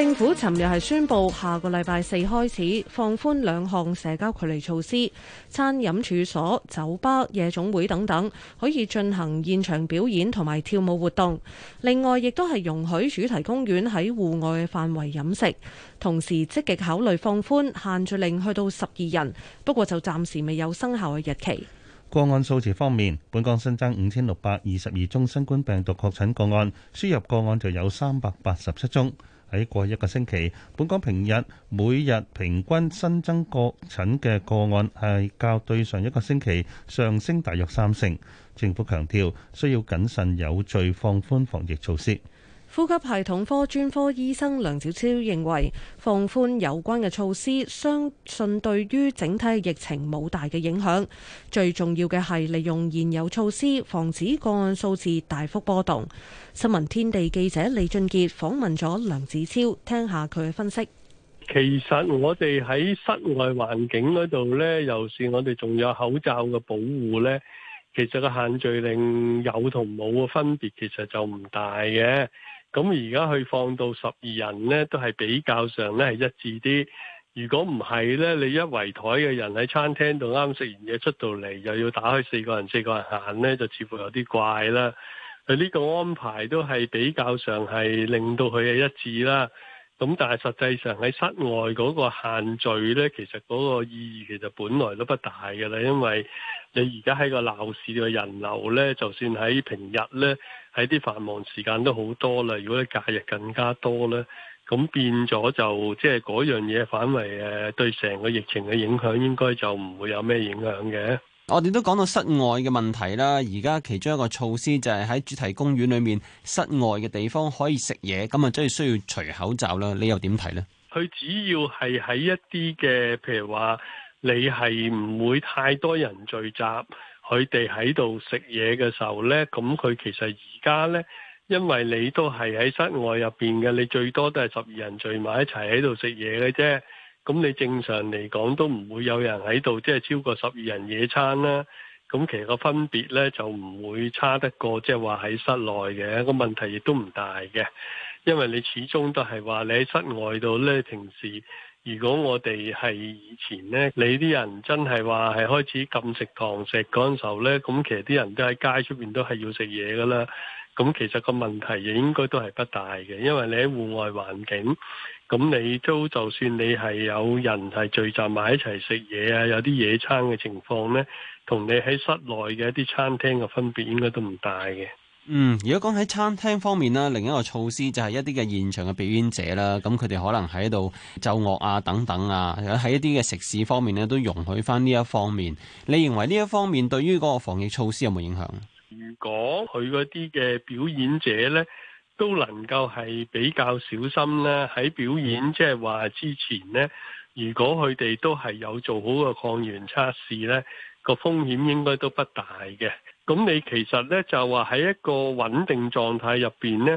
[SPEAKER 3] 政府尋日係宣布，下個禮拜四開始放寬兩項社交距離措施，餐飲處所、酒吧、夜總會等等可以進行現場表演同埋跳舞活動。另外，亦都係容許主題公園喺戶外嘅範圍飲食，同時積極考慮放寬限聚令去到十二人。不過，就暫時未有生效嘅日期。
[SPEAKER 4] 個案數字方面，本港新增五千六百二十二宗新冠病毒確診個案，輸入個案就有三百八十七宗。喺過去一個星期，本港平日每日平均新增確診嘅個案係較對上一個星期上升大約三成。政府強調需要謹慎有序放寬防疫措施。
[SPEAKER 3] 呼吸系統科專科醫生梁子超認為，放寬有關嘅措施，相信對於整體疫情冇大嘅影響。最重要嘅係利用現有措施，防止個案數字大幅波動。新聞天地記者李俊傑訪問咗梁子超，聽下佢嘅分析。
[SPEAKER 16] 其實我哋喺室外環境嗰度呢，又是我哋仲有口罩嘅保護呢，其實個限聚令有同冇嘅分別，其實就唔大嘅。咁而家去放到十二人呢，都係比較上呢係一致啲。如果唔係呢，你一圍台嘅人喺餐廳度啱食完嘢出到嚟，又要打開四個人四個人行呢，就似乎有啲怪啦。佢呢個安排都係比較上係令到佢係一致啦。咁但係實際上喺室外嗰個限聚呢，其實嗰個意義其實本來都不大嘅啦，因為你而家喺個鬧市嘅人流呢，就算喺平日呢。喺啲繁忙時間都好多啦，如果你假日更加多咧，咁變咗就即係嗰樣嘢反為誒，對成個疫情嘅影響應該就唔會有咩影響嘅。
[SPEAKER 12] 我哋都講到室外嘅問題啦，而家其中一個措施就係喺主題公園裏面室外嘅地方可以食嘢，咁啊，即係需要除口罩啦。你又點睇呢？
[SPEAKER 16] 佢只要係喺一啲嘅，譬如話你係唔會太多人聚集。佢哋喺度食嘢嘅時候呢，咁佢其實而家呢，因為你都係喺室外入邊嘅，你最多都係十二人聚埋一齊喺度食嘢嘅啫。咁你正常嚟講都唔會有人喺度，即係超過十二人野餐啦。咁其實個分別呢，就唔會差得過，即係話喺室內嘅個問題亦都唔大嘅，因為你始終都係話你喺室外度呢，平時。如果我哋係以前呢，你啲人真係話係開始禁食堂食嗰陣時候呢，咁其實啲人都喺街出邊都係要食嘢㗎喇。咁其實個問題亦應該都係不大嘅，因為你喺戶外環境，咁你都就算你係有人係聚集埋一齊食嘢啊，有啲野餐嘅情況呢，同你喺室內嘅一啲餐廳嘅分別應該都唔大嘅。
[SPEAKER 4] 嗯，如果講喺餐廳方面咧，另一個措施就係一啲嘅現場嘅表演者
[SPEAKER 12] 啦，咁佢哋可能喺度奏樂啊等等啊，喺一啲嘅食肆方面咧都容許翻呢一方面。你認為呢一方面對於嗰個防疫措施有冇影響？
[SPEAKER 16] 如果佢嗰啲嘅表演者咧都能夠係比較小心咧，喺表演即係話之前咧，如果佢哋都係有做好個抗原測試咧，個風險應該都不大嘅。咁你其實呢，就話喺一個穩定狀態入邊呢，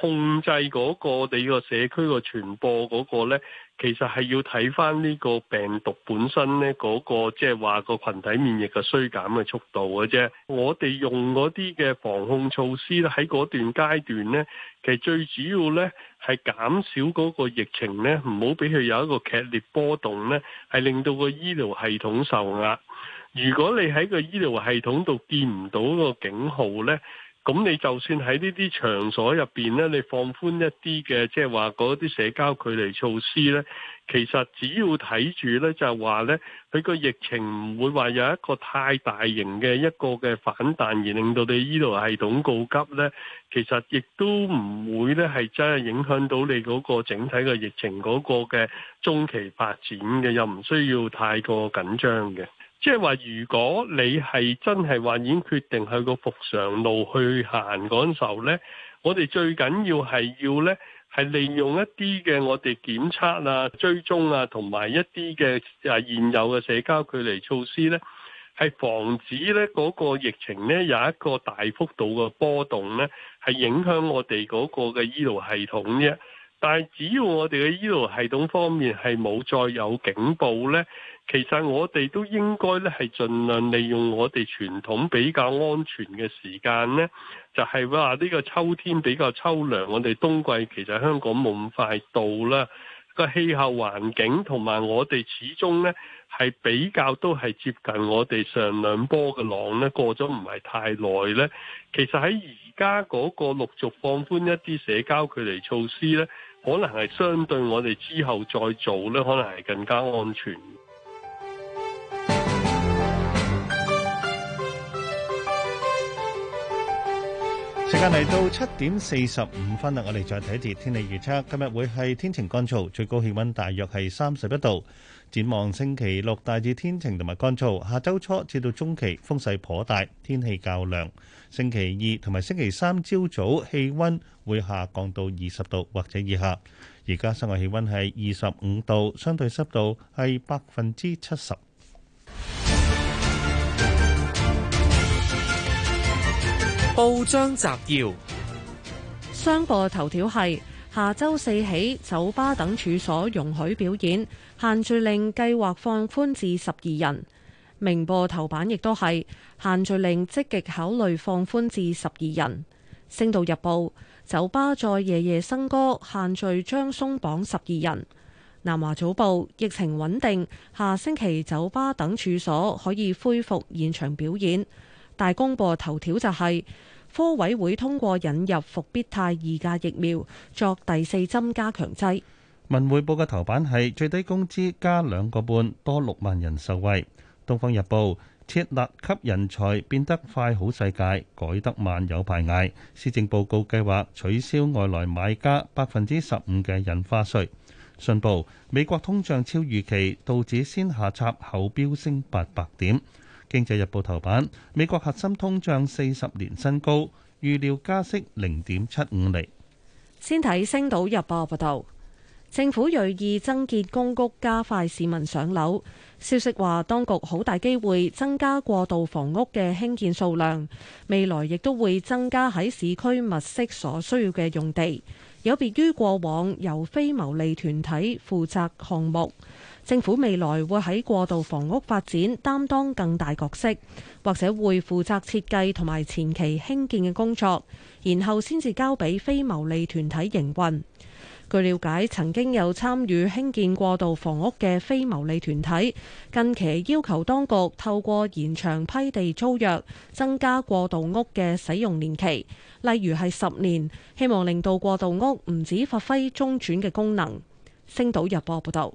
[SPEAKER 16] 控制嗰個你個社區個傳播嗰個呢，其實係要睇翻呢個病毒本身呢，嗰個即係話個群體免疫嘅衰減嘅速度嘅啫。我哋用嗰啲嘅防控措施喺嗰段階段呢，其實最主要呢係減少嗰個疫情呢，唔好俾佢有一個劇烈波動呢，係令到個醫療系統受壓。如果你喺個醫療系統度見唔到個警號呢，咁你就算喺呢啲場所入邊呢，你放寬一啲嘅即係話嗰啲社交距離措施呢，其實只要睇住呢，就係話呢，佢個疫情唔會話有一個太大型嘅一個嘅反彈，而令到你醫療系統告急呢，其實亦都唔會呢，係真係影響到你嗰個整體嘅疫情嗰個嘅中期發展嘅，又唔需要太過緊張嘅。即係話，如果你係真係話已經決定去個復常路去行嗰陣時候呢，我哋最緊要係要呢係利用一啲嘅我哋檢測啊、追蹤啊，同埋一啲嘅啊現有嘅社交距離措施呢，係防止呢嗰個疫情呢有一個大幅度嘅波動呢，係影響我哋嗰個嘅醫療系統啫。但係，只要我哋嘅醫療系統方面係冇再有警報咧，其實我哋都應該咧係盡量利用我哋傳統比較安全嘅時間咧，就係話呢個秋天比較秋涼，我哋冬季其實香港冇咁快到啦。個氣候環境同埋我哋始終咧係比較都係接近我哋上兩波嘅浪咧過咗唔係太耐咧。其實喺而家嗰個陸續放寬一啲社交距離措施咧。可能係相對我哋之後再做咧，可能係更加安全。
[SPEAKER 4] 時間嚟到七點四十五分啦，我哋再睇一節天氣預測。今日會係天晴乾燥，最高氣温大約係三十一度。展望星期六大致天晴同埋乾燥，下周初至到中期風勢頗大，天氣較涼。星期二同埋星期三朝早氣温會下降到二十度或者以下。而家室外氣温係二十五度，相對濕度係百分之七十。
[SPEAKER 3] 報章摘要：商報頭條係下周四起，酒吧等處所容許表演限聚令計劃放寬至十二人。明報頭版亦都係限聚令積極考慮放寬至十二人。星島日報：酒吧再夜夜笙歌，限聚將鬆綁十二人。南華早報：疫情穩定，下星期酒吧等處所可以恢復現場表演。大公報頭條就係科委會通過引入復必泰二價疫苗作第四針加強劑。
[SPEAKER 4] 文匯報嘅頭版係最低工資加兩個半，多六萬人受惠。《東方日報》設立給人才變得快好世界，改得慢有排捱。施政報告計劃取消外來買家百分之十五嘅印花稅。信報美國通脹超預期，道指先下插後飆升八百點。《經濟日報》頭版，美國核心通脹四十年新高，預料加息零點七五厘。
[SPEAKER 3] 先睇《星島日報》報道，政府鋭意增建公屋，加快市民上樓。消息話，當局好大機會增加過渡房屋嘅興建數量，未來亦都會增加喺市區物色所需要嘅用地。有別於過往由非牟利團體負責項目。政府未來會喺過渡房屋發展擔當更大角色，或者會負責設計同埋前期興建嘅工作，然後先至交俾非牟利團體營運。據了解，曾經有參與興建過渡房屋嘅非牟利團體近期要求當局透過延長批地租約，增加過渡屋嘅使用年期，例如係十年，希望令到過渡屋唔止發揮中轉嘅功能。星島日報報道。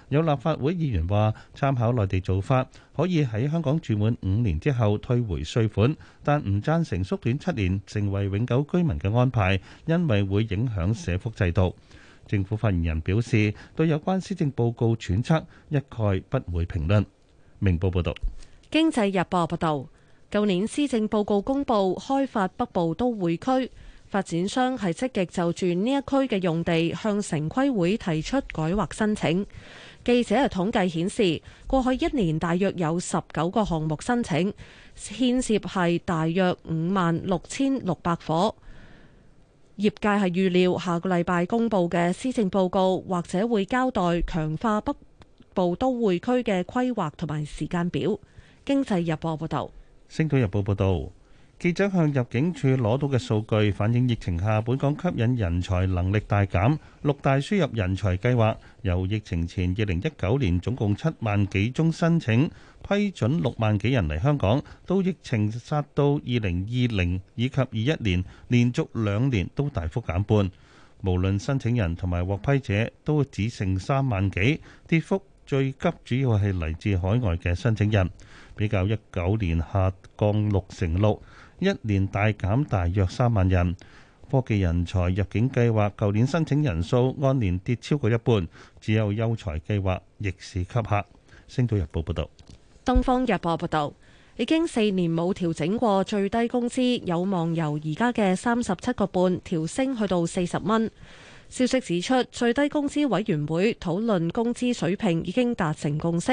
[SPEAKER 4] 有立法會議員話，參考內地做法，可以喺香港住滿五年之後退回稅款，但唔贊成縮短七年成為永久居民嘅安排，因為會影響社福制度。政府發言人表示，對有關施政報告揣測一概不會評論。明報報導，
[SPEAKER 3] 經濟日報報導，舊年施政報告公布開發北部都會區。發展商係積極就住呢一區嘅用地向城規會提出改劃申請。記者嘅統計顯示，過去一年大約有十九個項目申請，牽涉係大約五萬六千六百伙。業界係預料下個禮拜公布嘅施政報告，或者會交代強化北部都會區嘅規劃同埋時間表。經濟日報報道，
[SPEAKER 4] 星島日報報道。記者向入境處攞到嘅數據反映，疫情下本港吸引人才能力大減。六大輸入人才計劃由疫情前二零一九年總共七萬幾宗申請，批准六萬幾人嚟香港，到疫情殺到二零二零以及二一年，連續兩年都大幅減半。無論申請人同埋獲批者都只剩三萬幾，跌幅最急，主要係嚟自海外嘅申請人，比較一九年下降六成六。一年大減大約三萬人，科技人才入境計劃舊年申請人數按年跌超過一半，只有優才計劃逆市吸客。星島日報報道。
[SPEAKER 3] 東方日報報道，已經四年冇調整過最低工資，有望由而家嘅三十七個半調升去到四十蚊。消息指出，最低工資委員會討論工資水平已經達成共識，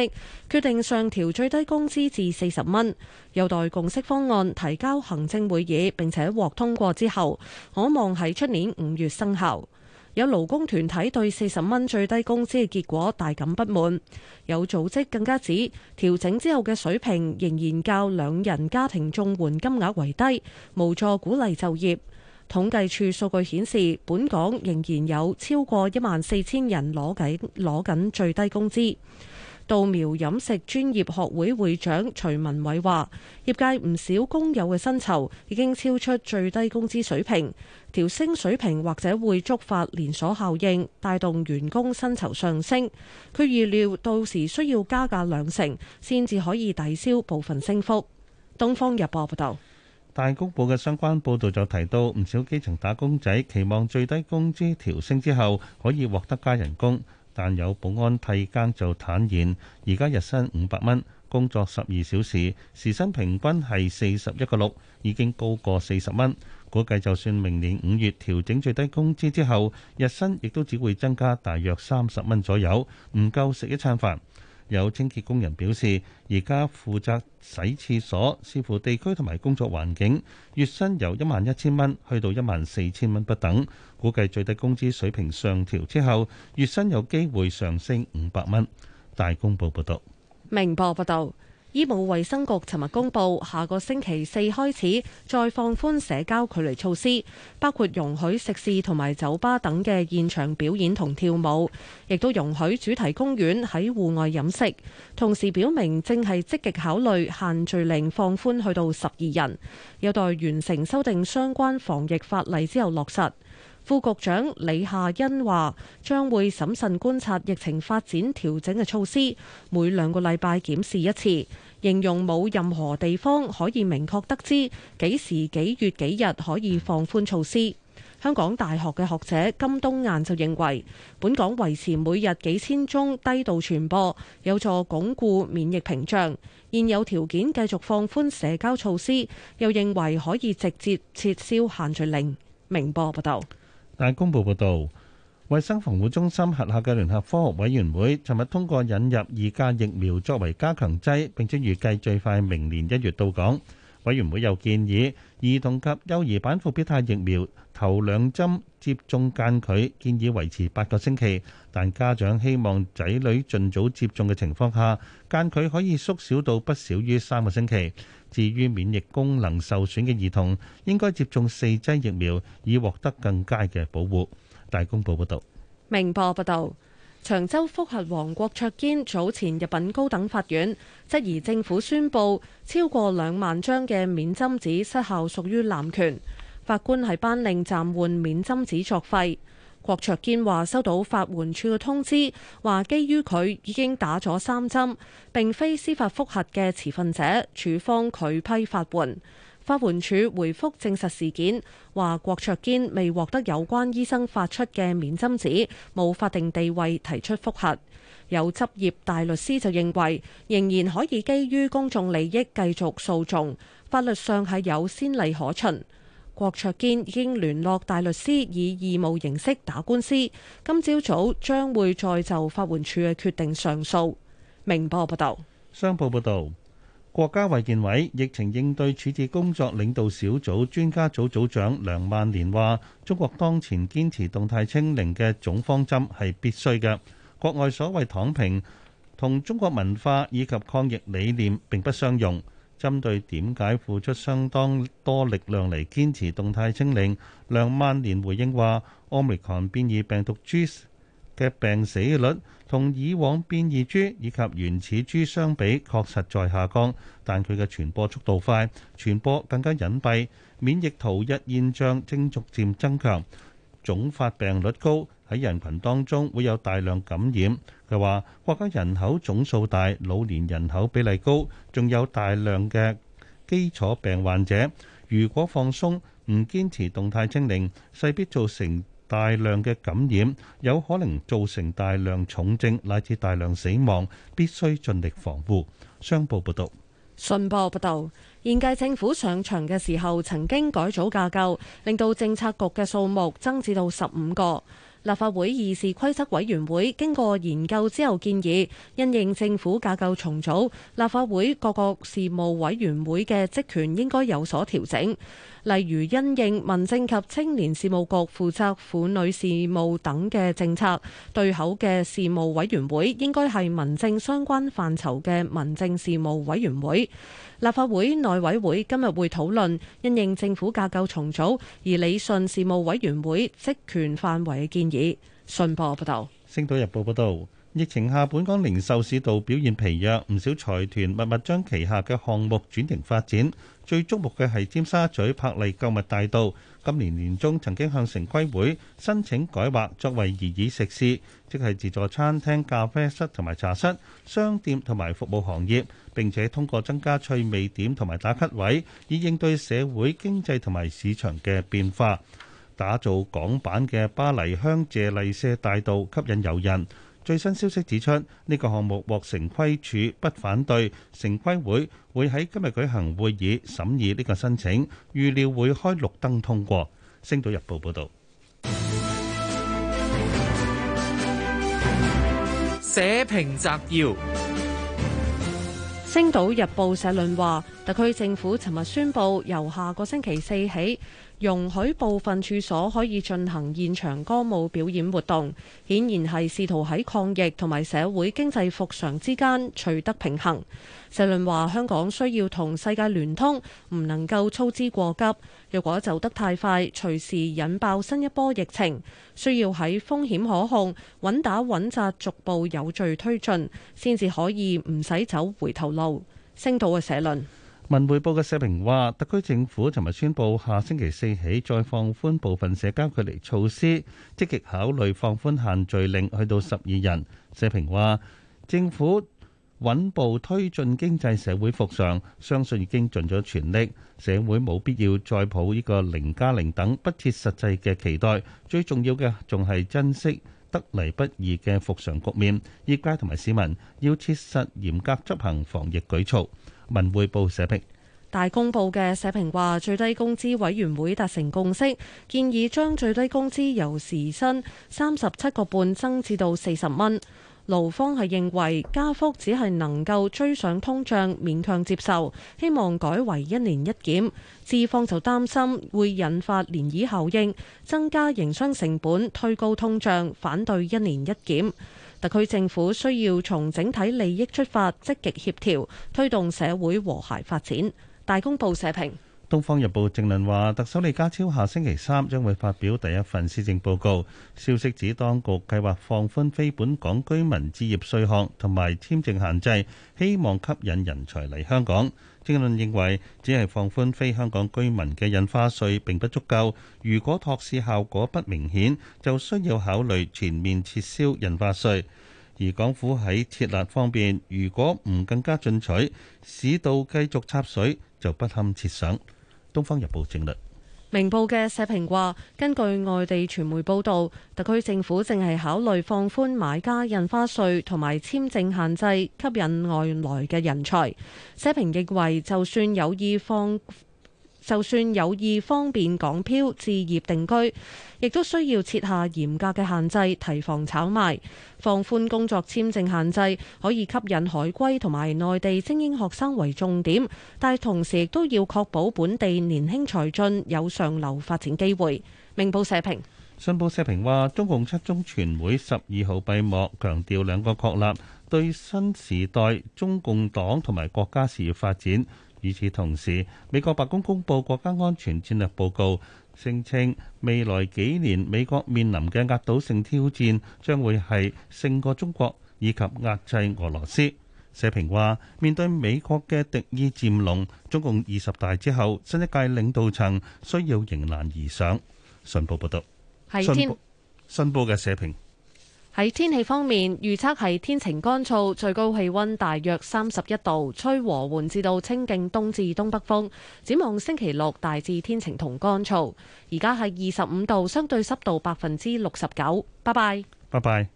[SPEAKER 3] 決定上調最低工資至四十蚊，有待共識方案提交行政會議並且獲通過之後，可望喺出年五月生效。有勞工團體對四十蚊最低工資嘅結果大感不滿，有組織更加指調整之後嘅水平仍然較兩人家庭綜援金額為低，無助鼓勵就業。統計處數據顯示，本港仍然有超過一萬四千人攞緊攞緊最低工資。稻苗飲食專業學會會長徐文偉話：業界唔少工友嘅薪酬已經超出最低工資水平，調升水平或者會觸發連鎖效應，帶動員工薪酬上升。佢預料到時需要加價兩成，先至可以抵消部分升幅。《東方日報》報道。
[SPEAKER 4] 大公報嘅相關報導就提到，唔少基層打工仔期望最低工資調升之後可以獲得加人工，但有保安替更就坦言，而家日薪五百蚊，工作十二小時，時薪平均係四十一個六，已經高過四十蚊。估計就算明年五月調整最低工資之後，日薪亦都只會增加大約三十蚊左右，唔夠食一餐飯。有清潔工人表示，而家負責洗廁所，視乎地區同埋工作環境，月薪由一萬一千蚊去到一萬四千蚊不等。估計最低工資水平上調之後，月薪有機會上升五百蚊。大公報報道。
[SPEAKER 3] 明報報道。醫務衛生局尋日公布，下個星期四開始再放寬社交距離措施，包括容許食肆同埋酒吧等嘅現場表演同跳舞，亦都容許主題公園喺戶外飲食。同時表明正係積極考慮限聚令放寬去到十二人，有待完成修訂相關防疫法例之後落實。副局長李夏欣話：將會審慎觀察疫情發展，調整嘅措施每兩個禮拜檢視一次。形容冇任何地方可以明確得知幾時幾月幾日可以放寬措施。香港大學嘅學者金冬晏就認為，本港維持每日幾千宗低度傳播，有助鞏固免疫屏障，現有條件繼續放寬社交措施，又認為可以直接撤銷限聚令。明波報道。
[SPEAKER 4] 大公報報導，衞生防護中心下轄嘅聯合科學委員會尋日通過引入二價疫苗作為加強劑，並且預計最快明年一月到港。委員會又建議，兒童及幼兒版復必泰疫苗頭兩針接種間距建議維持八個星期，但家長希望仔女盡早接種嘅情況下，間距可以縮小到不少於三個星期。至於免疫功能受損嘅兒童，應該接種四劑疫苗，以獲得更佳嘅保護。大公報報道，
[SPEAKER 3] 明報報道。長洲覆核王郭卓堅早前入禀高等法院，質疑政府宣布超過兩萬張嘅免針紙失效屬於濫權。法官係頒令暫緩免針紙作廢。郭卓堅話收到法援處嘅通知，話基於佢已經打咗三針，並非司法覆核嘅持份者，處方拒批法援。法援署回覆證實事件，話郭卓堅未獲得有關醫生發出嘅免針紙，冇法定地位提出覆核。有執業大律師就認為，仍然可以基於公眾利益繼續訴訟，法律上係有先例可循。郭卓堅已經聯絡大律師以義務形式打官司，今朝早將會再就法援署嘅決定上訴。明報報道。
[SPEAKER 4] 商報報導。國家衛健委疫情應對處置工作領導小組專家組組長梁萬年話，中國當前堅持動態清零嘅總方針係必須嘅。國外所謂躺平同中國文化以及抗疫理念並不相容。針對點解付出相當多力量嚟堅持動態清零，梁萬年回應話，奧密克戎變異病毒 G 嘅病死率同以往變異株以及原始株相比，確實在下降，但佢嘅傳播速度快，傳播更加隱蔽，免疫逃逸現象正逐漸增強，總發病率高，喺人群當中會有大量感染。佢話，國家人口總數大，老年人口比例高，仲有大量嘅基礎病患者。如果放鬆，唔堅持動態清零，勢必造成。大量嘅感染有可能造成大量重症乃至大量死亡，必須盡力防護。商報報道，
[SPEAKER 3] 信報報道，現屆政府上場嘅時候曾經改組架構，令到政策局嘅數目增至到十五個。立法會議事規則委員會經過研究之後建議，因應政府架構重組，立法會各個事務委員會嘅職權應該有所調整。例如因應民政及青年事務局負責婦女事務等嘅政策對口嘅事務委員會，應該係民政相關範疇嘅民政事務委員會。立法會內委會今日會討論因應政府架構重組而理順事務委員會職權範圍嘅建議。信報報道。
[SPEAKER 4] 《星島日報》報道，疫情下本港零售市道表現疲弱，唔少財團默默將旗下嘅項目轉型發展。最矚目嘅係尖沙咀柏麗購物大道，今年年中曾經向城規會申請改劃作為兒兒食肆，即係自助餐廳、咖啡室同埋茶室、商店同埋服務行業。並且通過增加趣味點同埋打卡位，以應對社會經濟同埋市場嘅變化，打造港版嘅巴黎香榭麗舍大道，吸引遊人。最新消息指出，呢個項目獲城規處不反對，城規會會喺今日舉行會議審議呢個申請，預料會開綠燈通過。星島日報報導。
[SPEAKER 10] 社評摘要：
[SPEAKER 3] 星島日報社論話，特區政府尋日宣布，由下個星期四起，容許部分處所可以進行現場歌舞表演活動，顯然係試圖喺抗疫同埋社會經濟復常之間取得平衡。社論話香港需要同世界聯通，唔能夠操之過急。若果走得太快，隨時引爆新一波疫情，需要喺風險可控、穩打穩紮、逐步有序推進，先至可以唔使走回頭路。星島嘅社論。
[SPEAKER 4] 文匯報嘅社評話，特區政府尋日宣佈，下星期四起再放寬部分社交距離措施，積極考慮放寬限聚令去到十二人。社評話，政府穩步推進經濟社會復常，相信已經盡咗全力，社會冇必要再抱呢個零加零等不切實際嘅期待。最重要嘅仲係珍惜得嚟不易嘅復常局面，業界同埋市民要切實嚴格執行防疫舉措。文匯報社評，大公
[SPEAKER 3] 報嘅社評話，最低工資委員會達成共識，建議將最低工資由時薪三十七個半增至到四十蚊。勞方係認為加幅只係能夠追上通脹，勉強接受，希望改為一年一檢。資方就擔心會引發漣漪效應，增加營商成本，推高通脹，反對一年一檢。特區政府需要從整體利益出發，積極協調，推動社會和諧發展。大公報社評，
[SPEAKER 4] 《東方日報》正論話，特首李家超下星期三將會發表第一份施政報告，消息指當局計劃放寬非本港居民置業稅項同埋簽證限制，希望吸引人才嚟香港。政論認為，只係放寬非香港居民嘅印花稅並不足夠。如果托市效果不明顯，就需要考慮全面撤銷印花稅。而港府喺撤辣方面，如果唔更加進取，市道繼續插水就不堪設想。《東方日報》政論。
[SPEAKER 3] 明報嘅社評話：根據外地傳媒報道，特區政府正係考慮放寬買家印花稅同埋簽證限制，吸引外來嘅人才。社評認為，就算有意放就算有意方便港漂置業定居，亦都需要設下嚴格嘅限制，提防炒賣，放寬工作簽證限制，可以吸引海歸同埋內地精英學生為重點，但係同時亦都要確保本地年輕才俊有上流發展機會。明報社評，
[SPEAKER 4] 信報社評話中共七中全會十二號閉幕，強調兩個確立，對新時代中共黨同埋國家事業發展。與此同時，美國白宮公布國家安全戰略報告，聲稱未來幾年美國面臨嘅壓倒性挑戰將會係勝過中國以及壓制俄羅斯。社評話：面對美國嘅敵意漸濃，中共二十大之後新一屆領導層需要迎難而上。信報報道，
[SPEAKER 3] 信
[SPEAKER 4] 信報嘅社評。
[SPEAKER 3] 喺天氣方面，預測係天晴乾燥，最高氣溫大約三十一度，吹和緩至到清勁東至東北風。展望星期六，大致天晴同乾燥。而家係二十五度，相對濕度百
[SPEAKER 14] 分之六十九。拜拜，
[SPEAKER 4] 拜拜。